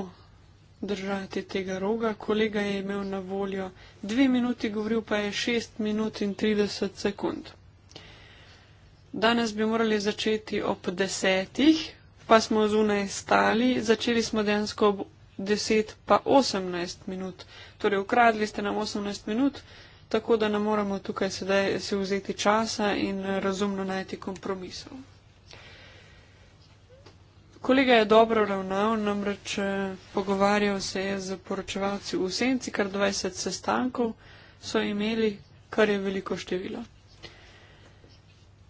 držati tega roga. Kolega je imel na voljo dve minuti, govoril pa je šest minut in trideset sekund. Danes bi morali začeti ob desetih, pa smo zunaj stali, začeli smo dejansko ob 10 pa 18 minut. Torej, ukradli ste nam 18 minut, tako da ne moramo tukaj sedaj se vzeti časa in razumno najti kompromisov. Kolega je dobro ravnal, namreč eh, pogovarjal se je z poročevalci v senci, kar 20 sestankov so imeli, kar je veliko število.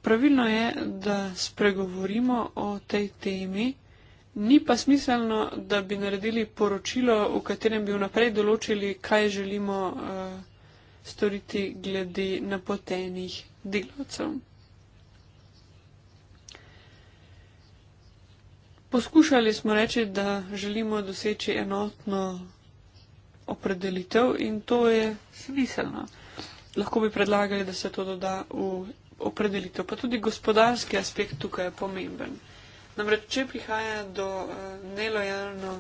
Pravilno je, da spregovorimo o tej temi, ni pa smiselno, da bi naredili poročilo, v katerem bi vnaprej določili, kaj želimo uh, storiti glede napotenih delavcev. Poskušali smo reči, da želimo doseči enotno opredelitev in to je smiselno. Lahko bi predlagali, da se to doda v opredelitev, pa tudi gospodarski aspekt tukaj je pomemben. Namreč, če prihaja do uh, nelojalno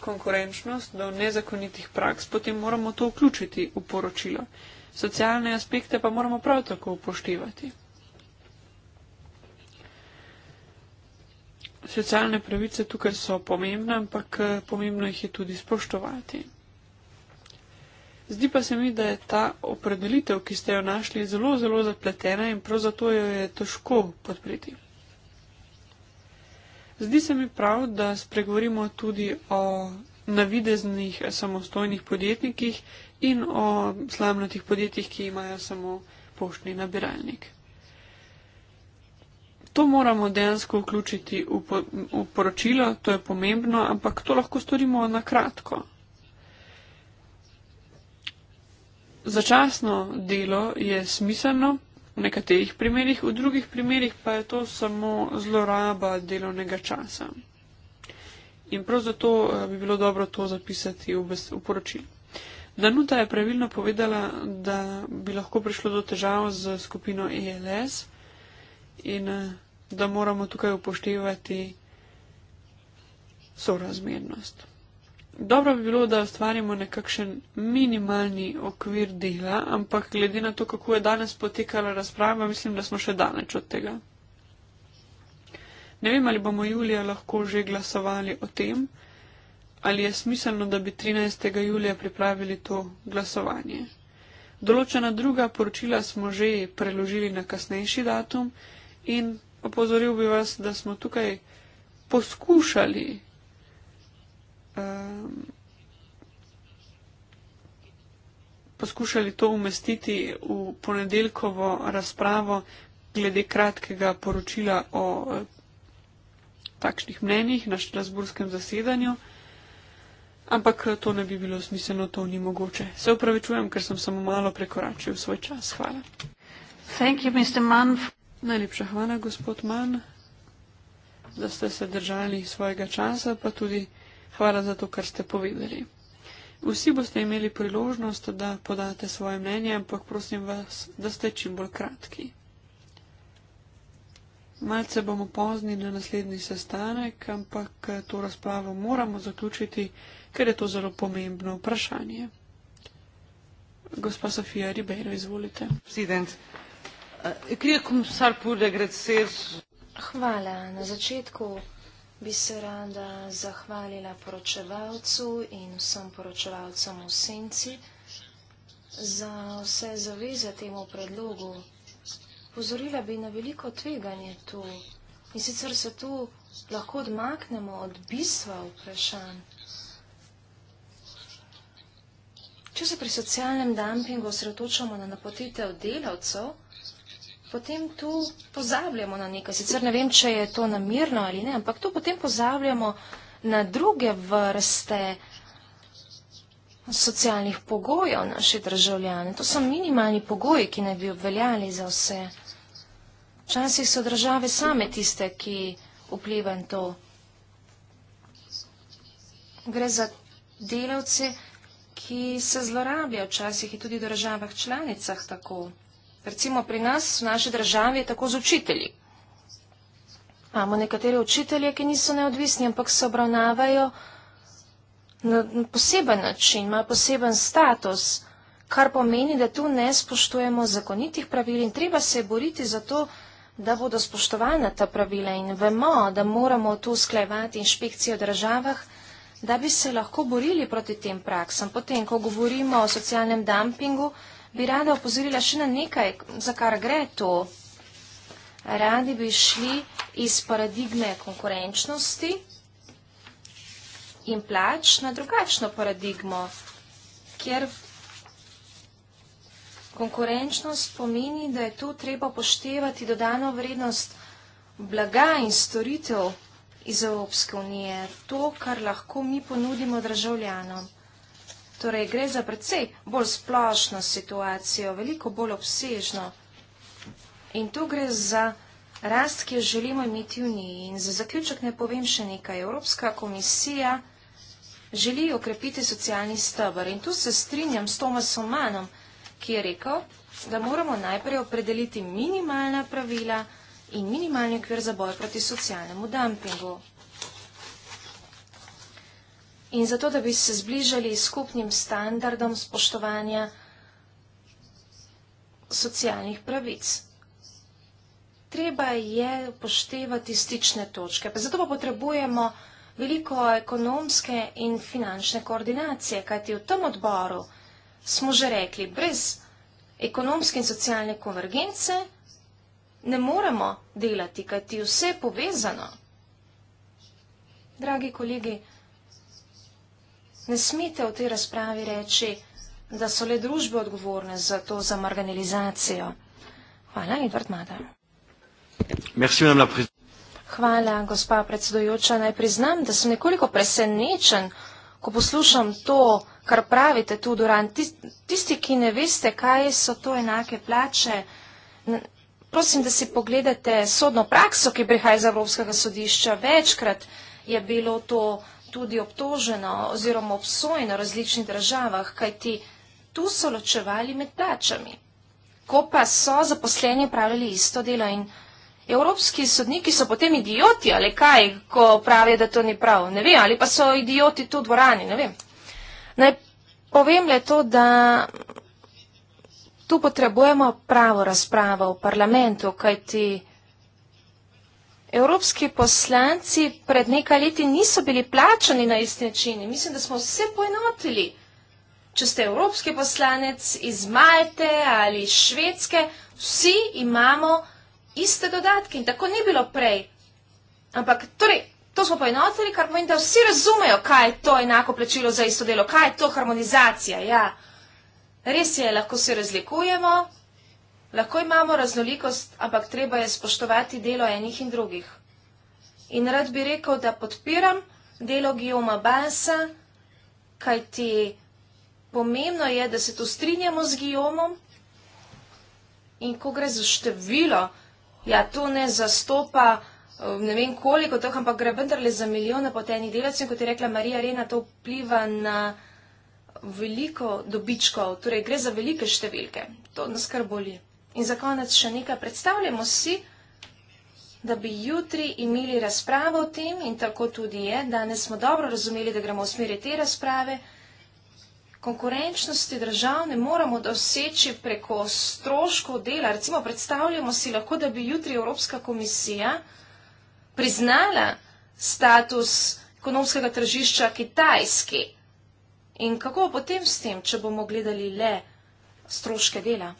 konkurenčnost, do nezakonitih praks, potem moramo to vključiti v poročilo. Socialne aspekte pa moramo prav tako upoštevati. Socialne pravice tukaj so pomembne, ampak eh, pomembno jih je tudi spoštovati. Zdi pa se mi, da je ta opredelitev, ki ste jo našli, zelo, zelo zapletena in prav zato jo je težko podpreti. Zdi se mi prav, da spregovorimo tudi o navideznih samostojnih podjetnikih in o slamnatih podjetjih, ki imajo samo poštni nabiralnik. To moramo dejansko vključiti v poročilo, to je pomembno, ampak to lahko storimo na kratko. začasno delo je smiselno v nekaterih primerjih, v drugih primerjih pa je to samo zloraba delovnega časa. In prav zato eh, bi bilo dobro to zapisati v, v poročilu. Danuta je pravilno povedala, da bi lahko prišlo do težav z skupino ELS in eh, da moramo tukaj upoštevati sorazmernost dobro bi bilo, da ustvarimo nekakšen minimalni okvir dela, ampak glede na to, kako je danes potekala razprava, mislim, da smo še daleč od tega. Ne vem, ali bomo julija lahko že glasovali o tem, ali je smiselno, da bi 13. julija pripravili to glasovanje. Določena druga poročila smo že preložili na kasnejši datum in opozoril bi vas, da smo tukaj poskušali Ehm, poskušali to umestiti v ponedeljkovo razpravo glede kratkega poročila o eh, takšnih mnenjih na Štrasburskem zasedanju. Ampak eh, to ne bi bilo smiselno, to ni mogoče. Se upravičujem, ker sem samo malo prekoračil svoj čas. Hvala. You, Najlepša hvala, gospod Mann, da ste se držali svojega časa, pa tudi. Hvala za to, kar ste povedali. Vsi boste imeli priložnost, da podate svoje mnenje, ampak prosim vas, da ste čim bolj kratki. Malce bomo pozni na naslednji sestanek, ampak to razpravo moramo zaključiti, ker je to zelo pomembno vprašanje. Gospa Sofija Ribeiro, izvolite. Eh, Hvala na začetku bi se rada zahvalila poročevalcu in vsem poročevalcem v senci za vse zaveze temu predlogu. Pozorila bi na veliko tveganje tu in sicer se tu lahko odmaknemo od bistva vprašanj. Če se pri socialnem dumpingu osredotočamo na napotitev delavcev, potem tu pozabljamo na nekaj. Sicer ne vem, če je to namirno ali ne, ampak tu potem pozabljamo na druge vrste socialnih pogojev naše državljane. To so minimalni pogoji, ki naj bi obveljali za vse. Včasih so države same tiste, ki vplivajo to. Gre za delavce, ki se zlorabljajo, včasih je tudi v državah članicah tako. Recimo pri nas v naši državi je tako z učitelji. Imamo nekatere učitelje, ki niso neodvisni, ampak se obravnavajo na poseben način, imajo poseben status, kar pomeni, da tu ne spoštujemo zakonitih pravil in treba se boriti za to, da bodo spoštovane ta pravila in vemo, da moramo tu sklevati inšpekcije v državah, da bi se lahko borili proti tem praksam. Potem, ko govorimo o socialnem dumpingu, bi rada opozorila še na nekaj, za kar gre to. Radi bi šli iz paradigme konkurenčnosti in plač na drugačno paradigmo, kjer konkurenčnost pomeni, da je tu treba poštevati dodano vrednost blaga in storitev iz Evropske unije, to, kar lahko mi ponudimo državljanom. Torej, gre za precej bolj splošno situacijo, veliko bolj obsežno. In tu gre za rast, ki jo želimo imeti v njih. In za zaključek ne povem še nekaj. Evropska komisija želi okrepiti socialni stebr. In tu se strinjam s Tomasom Manom, ki je rekel, da moramo najprej opredeliti minimalna pravila in minimalni okvir za boj proti socialnemu dumpingu in zato, da bi se zbližali skupnim standardom spoštovanja socialnih pravic. Treba je upoštevati stične točke, pa zato pa potrebujemo veliko ekonomske in finančne koordinacije, kajti v tem odboru smo že rekli, brez ekonomske in socialne konvergence ne moremo delati, kajti vse je povezano. Dragi kolegi, Ne smete v tej razpravi reči, da so le družbe odgovorne za to zamarganizacijo. Hvala, Edward Mada. Hvala, gospa predsedojoča. Naj priznam, da sem nekoliko presenečen, ko poslušam to, kar pravite tu, Duran. Tisti, ki ne veste, kaj so to enake plače, prosim, da si pogledate sodno prakso, ki prihaja iz Evropskega sodišča. Večkrat je bilo to tudi obtoženo oziroma obsojeno v različnih državah, kajti tu so ločevali med plačami. Ko pa so zaposleni upravljali isto delo in evropski sodniki so potem idioti ali kaj, ko pravijo, da to ni prav, ne vem, ali pa so idioti tu v dvorani, ne vem. Naj povem le to, da tu potrebujemo pravo razpravo v parlamentu, kajti evropski poslanci pred nekaj leti niso bili plačani na isti način. Mislim, da smo vse poenotili. Če ste evropski poslanec iz Malte ali iz Švedske, vsi imamo iste dodatke in tako ni bilo prej. Ampak torej, to smo poenotili, kar pomeni, da vsi razumejo, kaj je to enako plačilo za isto delo, kaj je to harmonizacija. Ja. Res je, lahko se razlikujemo, Lahko imamo raznolikost, ampak treba je spoštovati delo enih in drugih. In rad bi rekel, da podpiram delo Gijoma Bansa, kajti pomembno je, da se tu strinjamo z Gijomom in ko gre za število, ja, to ne zastopa eh, ne vem koliko toh, ampak gre vendarle za milijone potenih delavcev in kot je rekla Marija Rena, to vpliva na veliko dobičkov, torej gre za velike številke. To nas kar boli. In za konec še nekaj predstavljamo si, da bi jutri imeli razpravo o tem in tako tudi je. Danes smo dobro razumeli, da gremo v smeri te razprave. Konkurenčnosti držav ne moramo doseči preko stroškov dela. Recimo predstavljamo si lahko, da bi jutri Evropska komisija priznala status ekonomskega tržišča Kitajski. In kako potem s tem, če bomo gledali le stroške dela?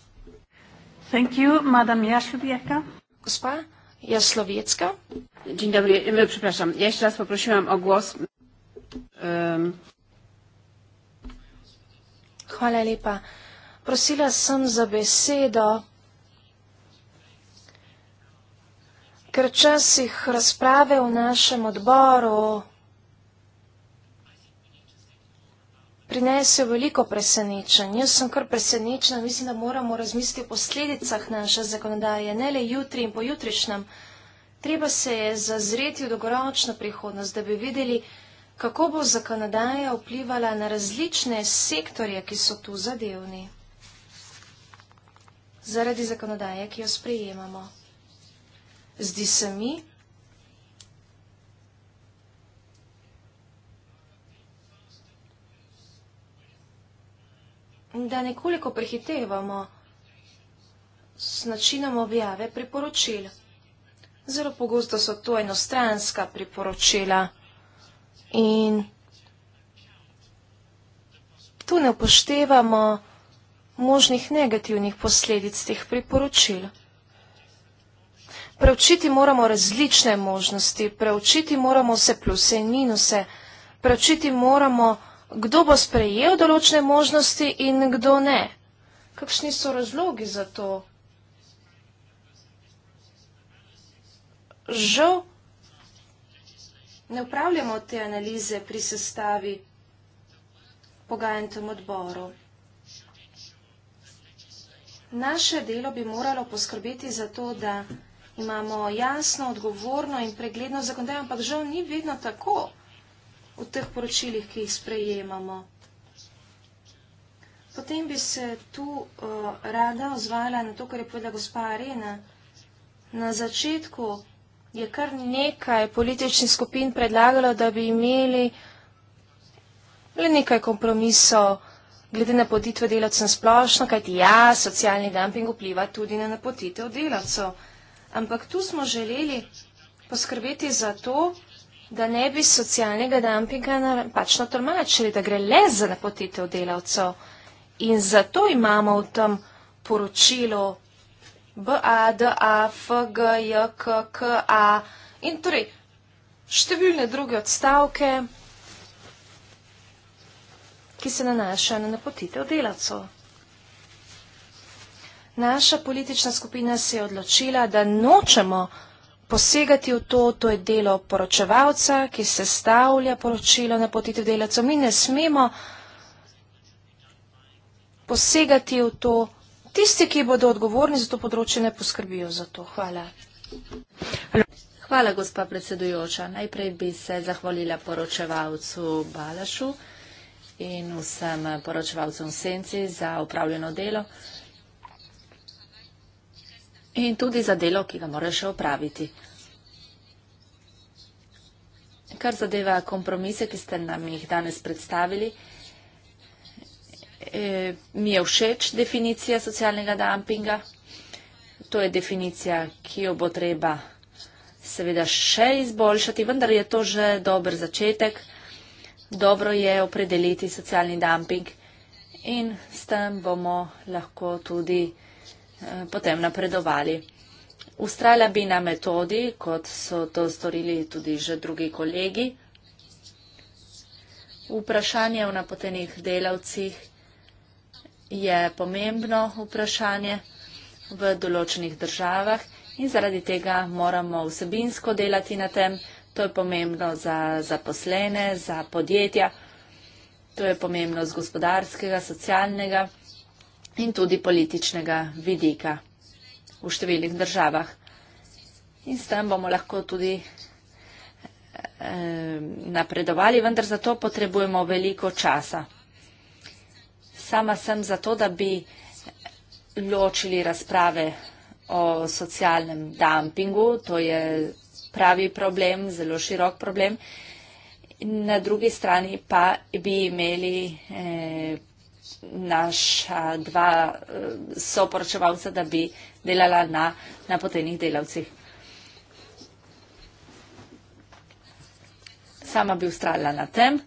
Thank you, Madam Jaśłowiecka. Gospa Jaśłowiecka. Dzień dobry, e, przepraszam. Ja jeszcze raz poprosiłam o głos. Um. Hvala lepa. Prosila sem za besedo, ker včasih razprave v našem odboru prinese veliko presenečenj. Jaz sem kar presenečena, mislim, da moramo razmisliti o posledicah naše zakonodaje, ne le jutri in pojutrišnjem. Treba se je zazreti v dolgoročno prihodnost, da bi videli, kako bo zakonodaja vplivala na različne sektorje, ki so tu zadevni. Zaradi zakonodaje, ki jo sprejemamo. Zdi se mi, da nekoliko prehitevamo s načinom objave priporočil. Zelo pogosto so to enostranska priporočila in tu ne upoštevamo možnih negativnih posledic teh priporočil. Preučiti moramo različne možnosti, preučiti moramo vse pluse in minuse, preučiti moramo kdo bo sprejel določene možnosti in kdo ne. Kakšni so razlogi za to? Žal ne upravljamo te analize pri sestavi pogajanjem odboru. Naše delo bi moralo poskrbeti za to, da imamo jasno, odgovorno in pregledno zakonodajo, ampak žal ni vedno tako v teh poročilih, ki jih sprejemamo. Potem bi se tu uh, rada ozvala na to, kar je povedala gospa Arena. Na začetku je kar nekaj političnih skupin predlagalo, da bi imeli le nekaj kompromisov glede na potitve delavcev na splošno, kajti ja, socialni dumping vpliva tudi na napotitev delavcev. Ampak tu smo želeli poskrbeti za to, da ne bi socialnega dampinga napačno tolmačili, da gre le za napotitev delavcev. In zato imamo v tem poročilu BADA, FGJKKA in torej številne druge odstavke, ki se nanašajo na napotitev delavcev. Naša politična skupina se je odločila, da nočemo posegati v to, to je delo poročevalca, ki se stavlja poročilo na potitev delavcev. Mi ne smemo posegati v to. Tisti, ki bodo odgovorni za to področje, ne poskrbijo za to. Hvala. Hvala, gospa predsedujoča. Najprej bi se zahvalila poročevalcu Balašu in vsem poročevalcem v senci za upravljeno delo in tudi za delo, ki ga moraš še opraviti. Kar zadeva kompromise, ki ste nam jih danes predstavili, eh, mi je všeč definicija socialnega dampinga. To je definicija, ki jo bo treba seveda še izboljšati, vendar je to že dober začetek. Dobro je opredeliti socialni dumping in s tem bomo lahko tudi Eh, potem napredovali. Ustrajala bi na metodi, kot so to storili tudi že drugi kolegi. Vprašanje o napotenih delavcih je pomembno vprašanje v določenih državah in zaradi tega moramo vsebinsko delati na tem. To je pomembno za zaposlene, za podjetja, to je pomembno z gospodarskega, socialnega vprašanja in tudi političnega vidika v številnih državah. In s tem bomo lahko tudi eh, napredovali, vendar za to potrebujemo veliko časa. Sama sem za to, da bi ločili razprave o socialnem dumpingu, to je pravi problem, zelo širok problem. Na drugi strani pa bi imeli eh, naša dva eh, soporočevalca, da bi delala na napotenih delavcih. Sama bi ustrala na tem,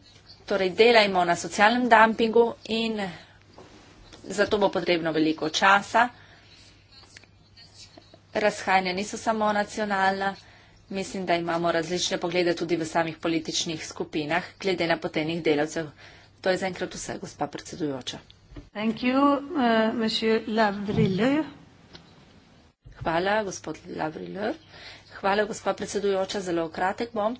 torej delajmo na socialnem dumpingu in zato bo potrebno veliko časa. Razhajanja niso samo nacionalna, mislim, da imamo različne poglede tudi v samih političnih skupinah, glede napotenih delavcev. To je zaenkrat vse, gospa predsedujoča. You, uh, Hvala, gospod Lavrilje. Hvala, gospa predsedujoča. Zelo kratek bom.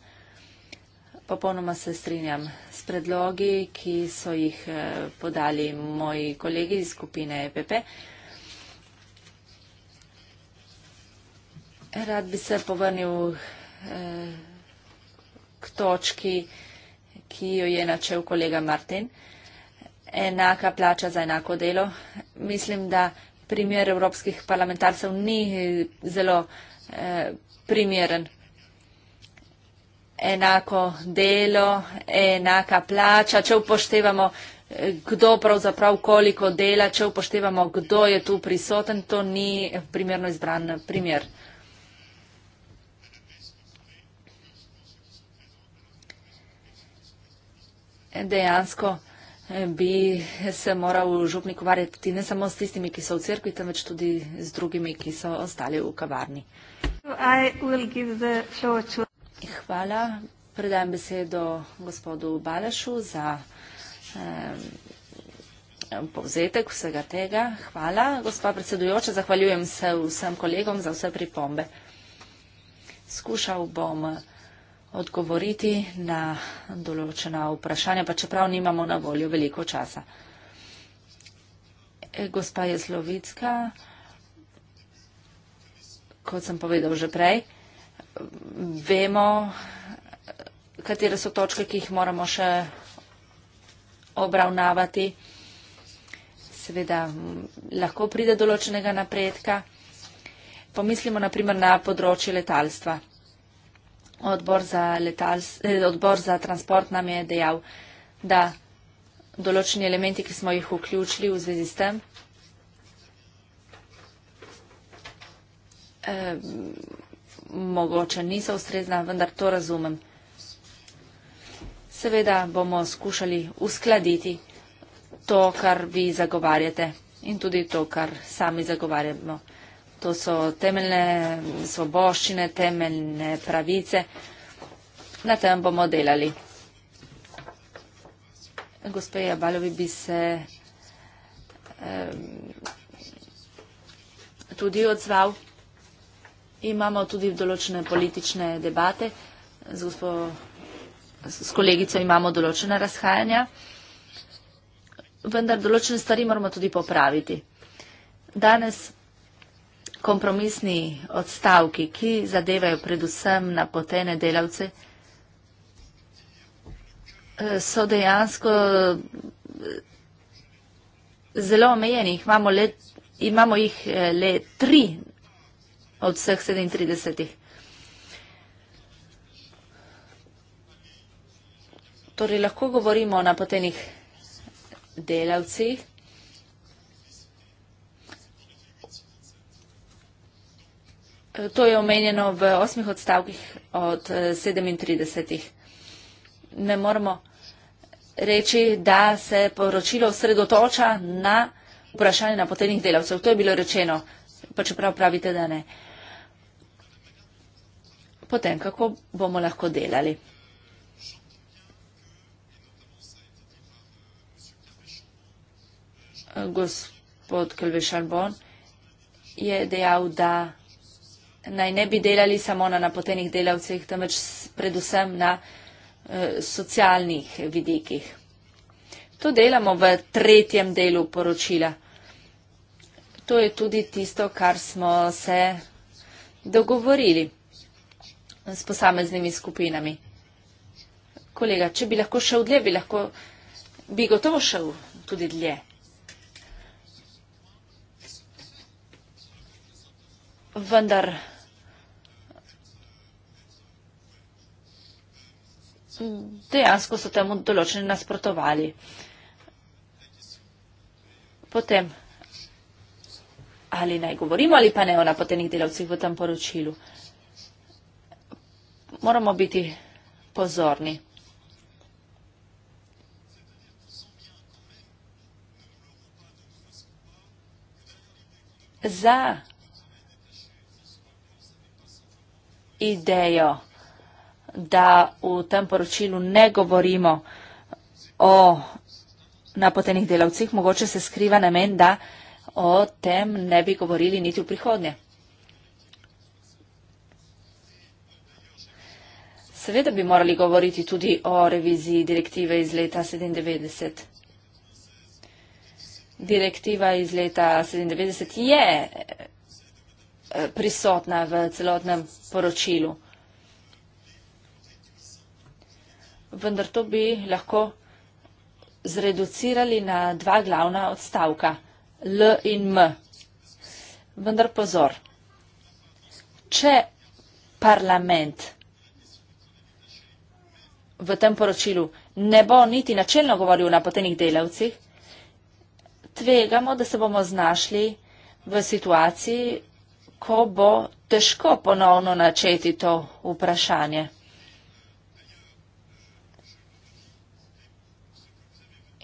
Popolnoma se strinjam s predlogi, ki so jih eh, podali moji kolegi iz skupine EPP. Rad bi se povrnil eh, k točki, eh, ki jo je načel kolega Martin. Enaka plača za enako delo. Mislim, da primer evropskih parlamentarcev ni eh, zelo eh, primeren. Enako delo, enaka plača, če upoštevamo, eh, kdo pravzaprav koliko dela, če upoštevamo, kdo je tu prisoten, to ni primerno izbran primer. dejansko eh, bi se moral župnik varjati ne samo s tistimi, ki so v cerkvi, temveč tudi z drugimi, ki so ostali v kavarni. Hvala. Predajam besedo gospodu Balešu za eh, povzetek vsega tega. Hvala, gospod predsedujoča, zahvaljujem se vsem kolegom za vse pripombe. Skušal bom povzeti odgovoriti na določena vprašanja, pa čeprav nimamo na voljo veliko časa. E, gospa Jezlovicka, kot sem povedal že prej, vemo, katere so točke, ki jih moramo še obravnavati. Seveda lahko pride določenega napredka. Pomislimo naprimer na področje letalstva odbor za, letals, eh, odbor za transport nam je dejal, da določeni elementi, ki smo jih vključili v zvezi s tem, eh, mogoče niso ustrezna, vendar to razumem. Seveda bomo skušali uskladiti to, kar vi zagovarjate in tudi to, kar sami zagovarjamo to so temeljne svoboščine, temeljne pravice. Na tem bomo delali. Gospe Jabalovi bi se eh, tudi odzval. Imamo tudi določene politične debate. Z, gospo, z kolegico imamo določene razhajanja. Vendar določene stvari moramo tudi popraviti. Danes kompromisni odstavki, ki zadevajo predvsem napotene delavce, eh, so dejansko eh, zelo omejeni. Imamo, le, imamo jih eh, le tri od vseh 37. Torej lahko govorimo o napotenih delavcih. To je omenjeno v osmih odstavkih od 37. Eh, ne moramo reči, da se poročilo sredotoča na vprašanje napotenih delavcev. To je bilo rečeno, pa čeprav pravite, da ne. Potem, kako bomo lahko delali? Gospod Kelvešalbon je dejal, da naj ne bi delali samo na napotenih delavcih, temveč predvsem na eh, socialnih vidikih. To delamo v tretjem delu poročila. To je tudi tisto, kar smo se dogovorili s posameznimi skupinami. Kolega, če bi lahko šel dlje, bi, lahko, bi gotovo šel tudi dlje. vendar dejansko so temu določeni nasprotovali. Potem, ali naj govorimo ali pa ne o napotenih delavcih v tem poročilu, moramo biti pozorni. Za idejo, da v tem poročilu ne govorimo o napotenih delavcih, mogoče se skriva namen, da o tem ne bi govorili niti v prihodnje. Seveda bi morali govoriti tudi o reviziji direktive iz leta 97. Direktiva iz leta 97 je Eh, prisotna v celotnem poročilu. Vendar to bi lahko zreducirali na dva glavna odstavka, L in M. Vendar pozor, če parlament v tem poročilu ne bo niti načelno govoril o napotenih delavcih, tvegamo, da se bomo znašli v situaciji, ko bo težko ponovno načeti to vprašanje.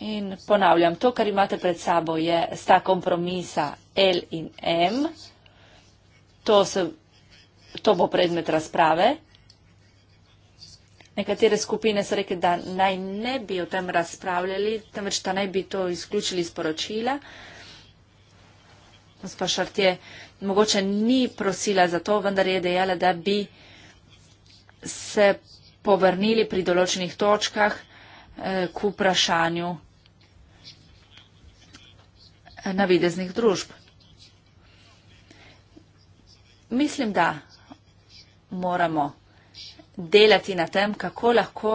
In ponavljam, to, kar imate pred sabo, je sta kompromisa L in M. To, se, to bo predmet razprave. Nekatere skupine so rekli, da naj ne bi o tem razpravljali, temveč da naj bi to izključili iz poročila. Gospa Šartje, uh, mogoče ni prosila za to, vendar je dejala, da bi se povrnili pri določenih točkah eh, k vprašanju navideznih družb. Mislim, da moramo delati na tem, kako lahko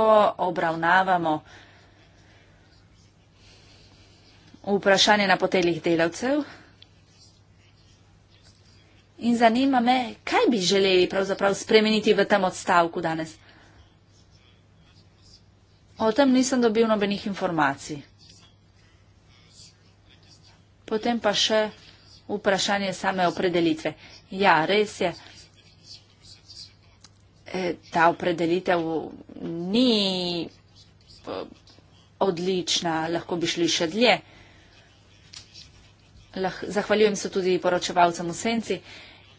obravnavamo vprašanje napotelih delavcev. In zanima me, kaj bi želeli pravzaprav spremeniti v tem odstavku danes. O tem nisem dobil nobenih informacij. Potem pa še vprašanje same opredelitve. Ja, res je, e, ta opredelitev ni e, odlična, lahko bi šli še dlje. Lah, zahvaljujem se tudi poročevalcem v senci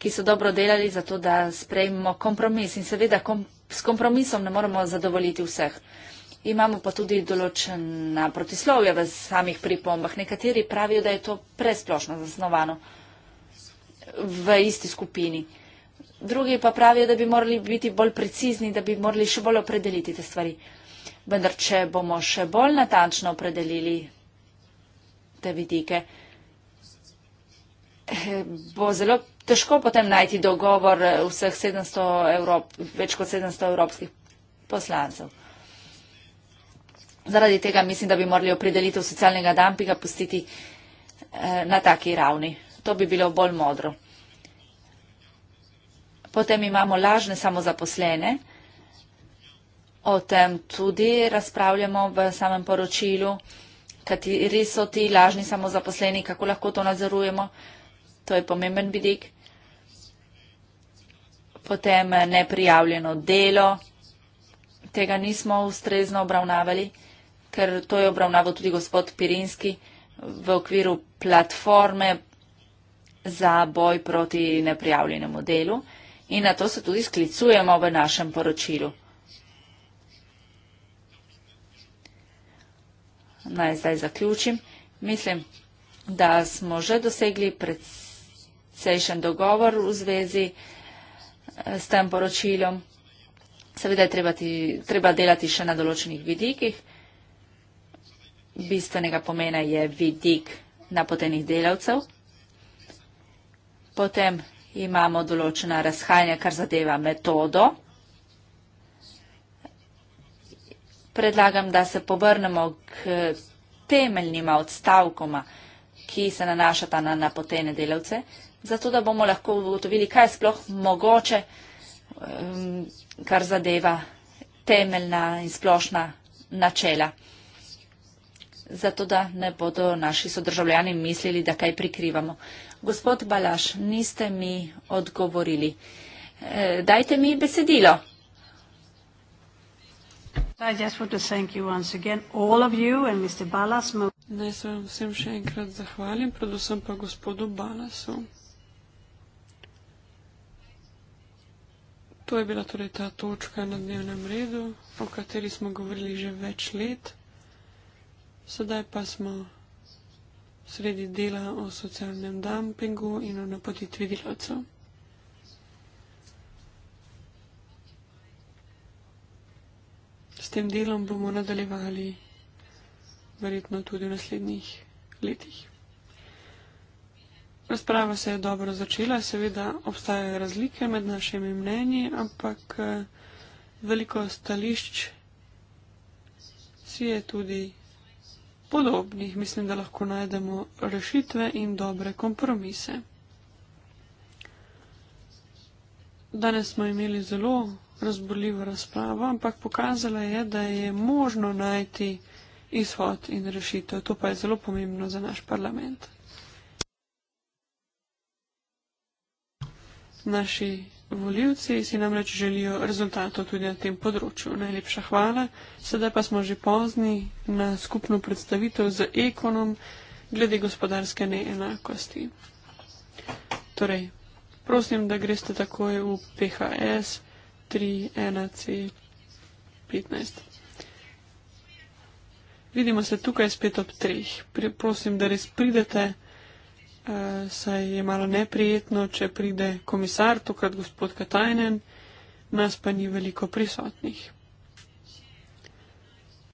ki so dobro delali za to, da sprejmemo kompromis. In seveda kom, s kompromisom ne moremo zadovoljiti vseh. Imamo pa tudi določena protislovja v samih pripombah. Nekateri pravijo, da je to presplošno zasnovano v isti skupini. Drugi pa pravijo, da bi morali biti bolj precizni, da bi morali še bolj opredeliti te stvari. Vendar, če bomo še bolj natančno opredelili te vidike, eh, bo zelo težko potem najti dogovor eh, vseh 700 Evrop, več kot 700 evropskih poslancev. Zaradi tega mislim, da bi morali opredelitev socialnega dampinga pustiti eh, na taki ravni. To bi bilo bolj modro. Potem imamo lažne samozaposlene. O tem tudi razpravljamo v samem poročilu, kateri so ti lažni samozaposleni, kako lahko to nadzorujemo to je pomemben vidik. Potem eh, neprijavljeno delo, tega nismo ustrezno obravnavali, ker to je obravnaval tudi gospod Pirinski v okviru platforme za boj proti neprijavljenemu delu in na to se tudi sklicujemo v našem poročilu. Naj zdaj zaključim. Mislim, da smo že dosegli predstavljanje precejšen dogovor v zvezi eh, s tem poročilom. Seveda je treba, ti, treba delati še na določenih vidikih. Bistvenega pomena je vidik napotenih delavcev. Potem imamo določena razhajanja, kar zadeva metodo. Predlagam, da se povrnemo k temeljnima odstavkoma, ki se nanašata na napotene delavce zato da bomo lahko ugotovili, kaj je sploh mogoče, kar zadeva temeljna in splošna načela. Zato, da ne bodo naši sodržavljani mislili, da kaj prikrivamo. Gospod Balaš, niste mi odgovorili. E, dajte mi besedilo. Naj se vam vsem še enkrat zahvalim, predvsem pa gospodu Balasu. To je bila torej ta točka na dnevnem redu, o kateri smo govorili že več let. Sedaj pa smo sredi dela o socialnem dumpingu in o napotitvi delavcev. S tem delom bomo nadaljevali verjetno tudi v naslednjih letih. Razprava se je dobro začela, seveda obstajajo razlike med našimi mnenji, ampak eh, veliko stališč si je tudi podobnih. Mislim, da lahko najdemo rešitve in dobre kompromise. Danes smo imeli zelo razboljivo razpravo, ampak pokazala je, da je možno najti izhod in rešitev. To pa je zelo pomembno za naš parlament. naši voljivci si namreč želijo rezultatov tudi na tem področju. Najlepša hvala. Sedaj pa smo že pozni na skupno predstavitev z ekonom glede gospodarske neenakosti. Torej, prosim, da greste takoj v PHS 3.1.C15. Vidimo se tukaj spet ob treh. Prosim, da res pridete uh, saj je malo neprijetno, če pride komisar, tukaj gospod Katajnen, nas pa ni veliko prisotnih.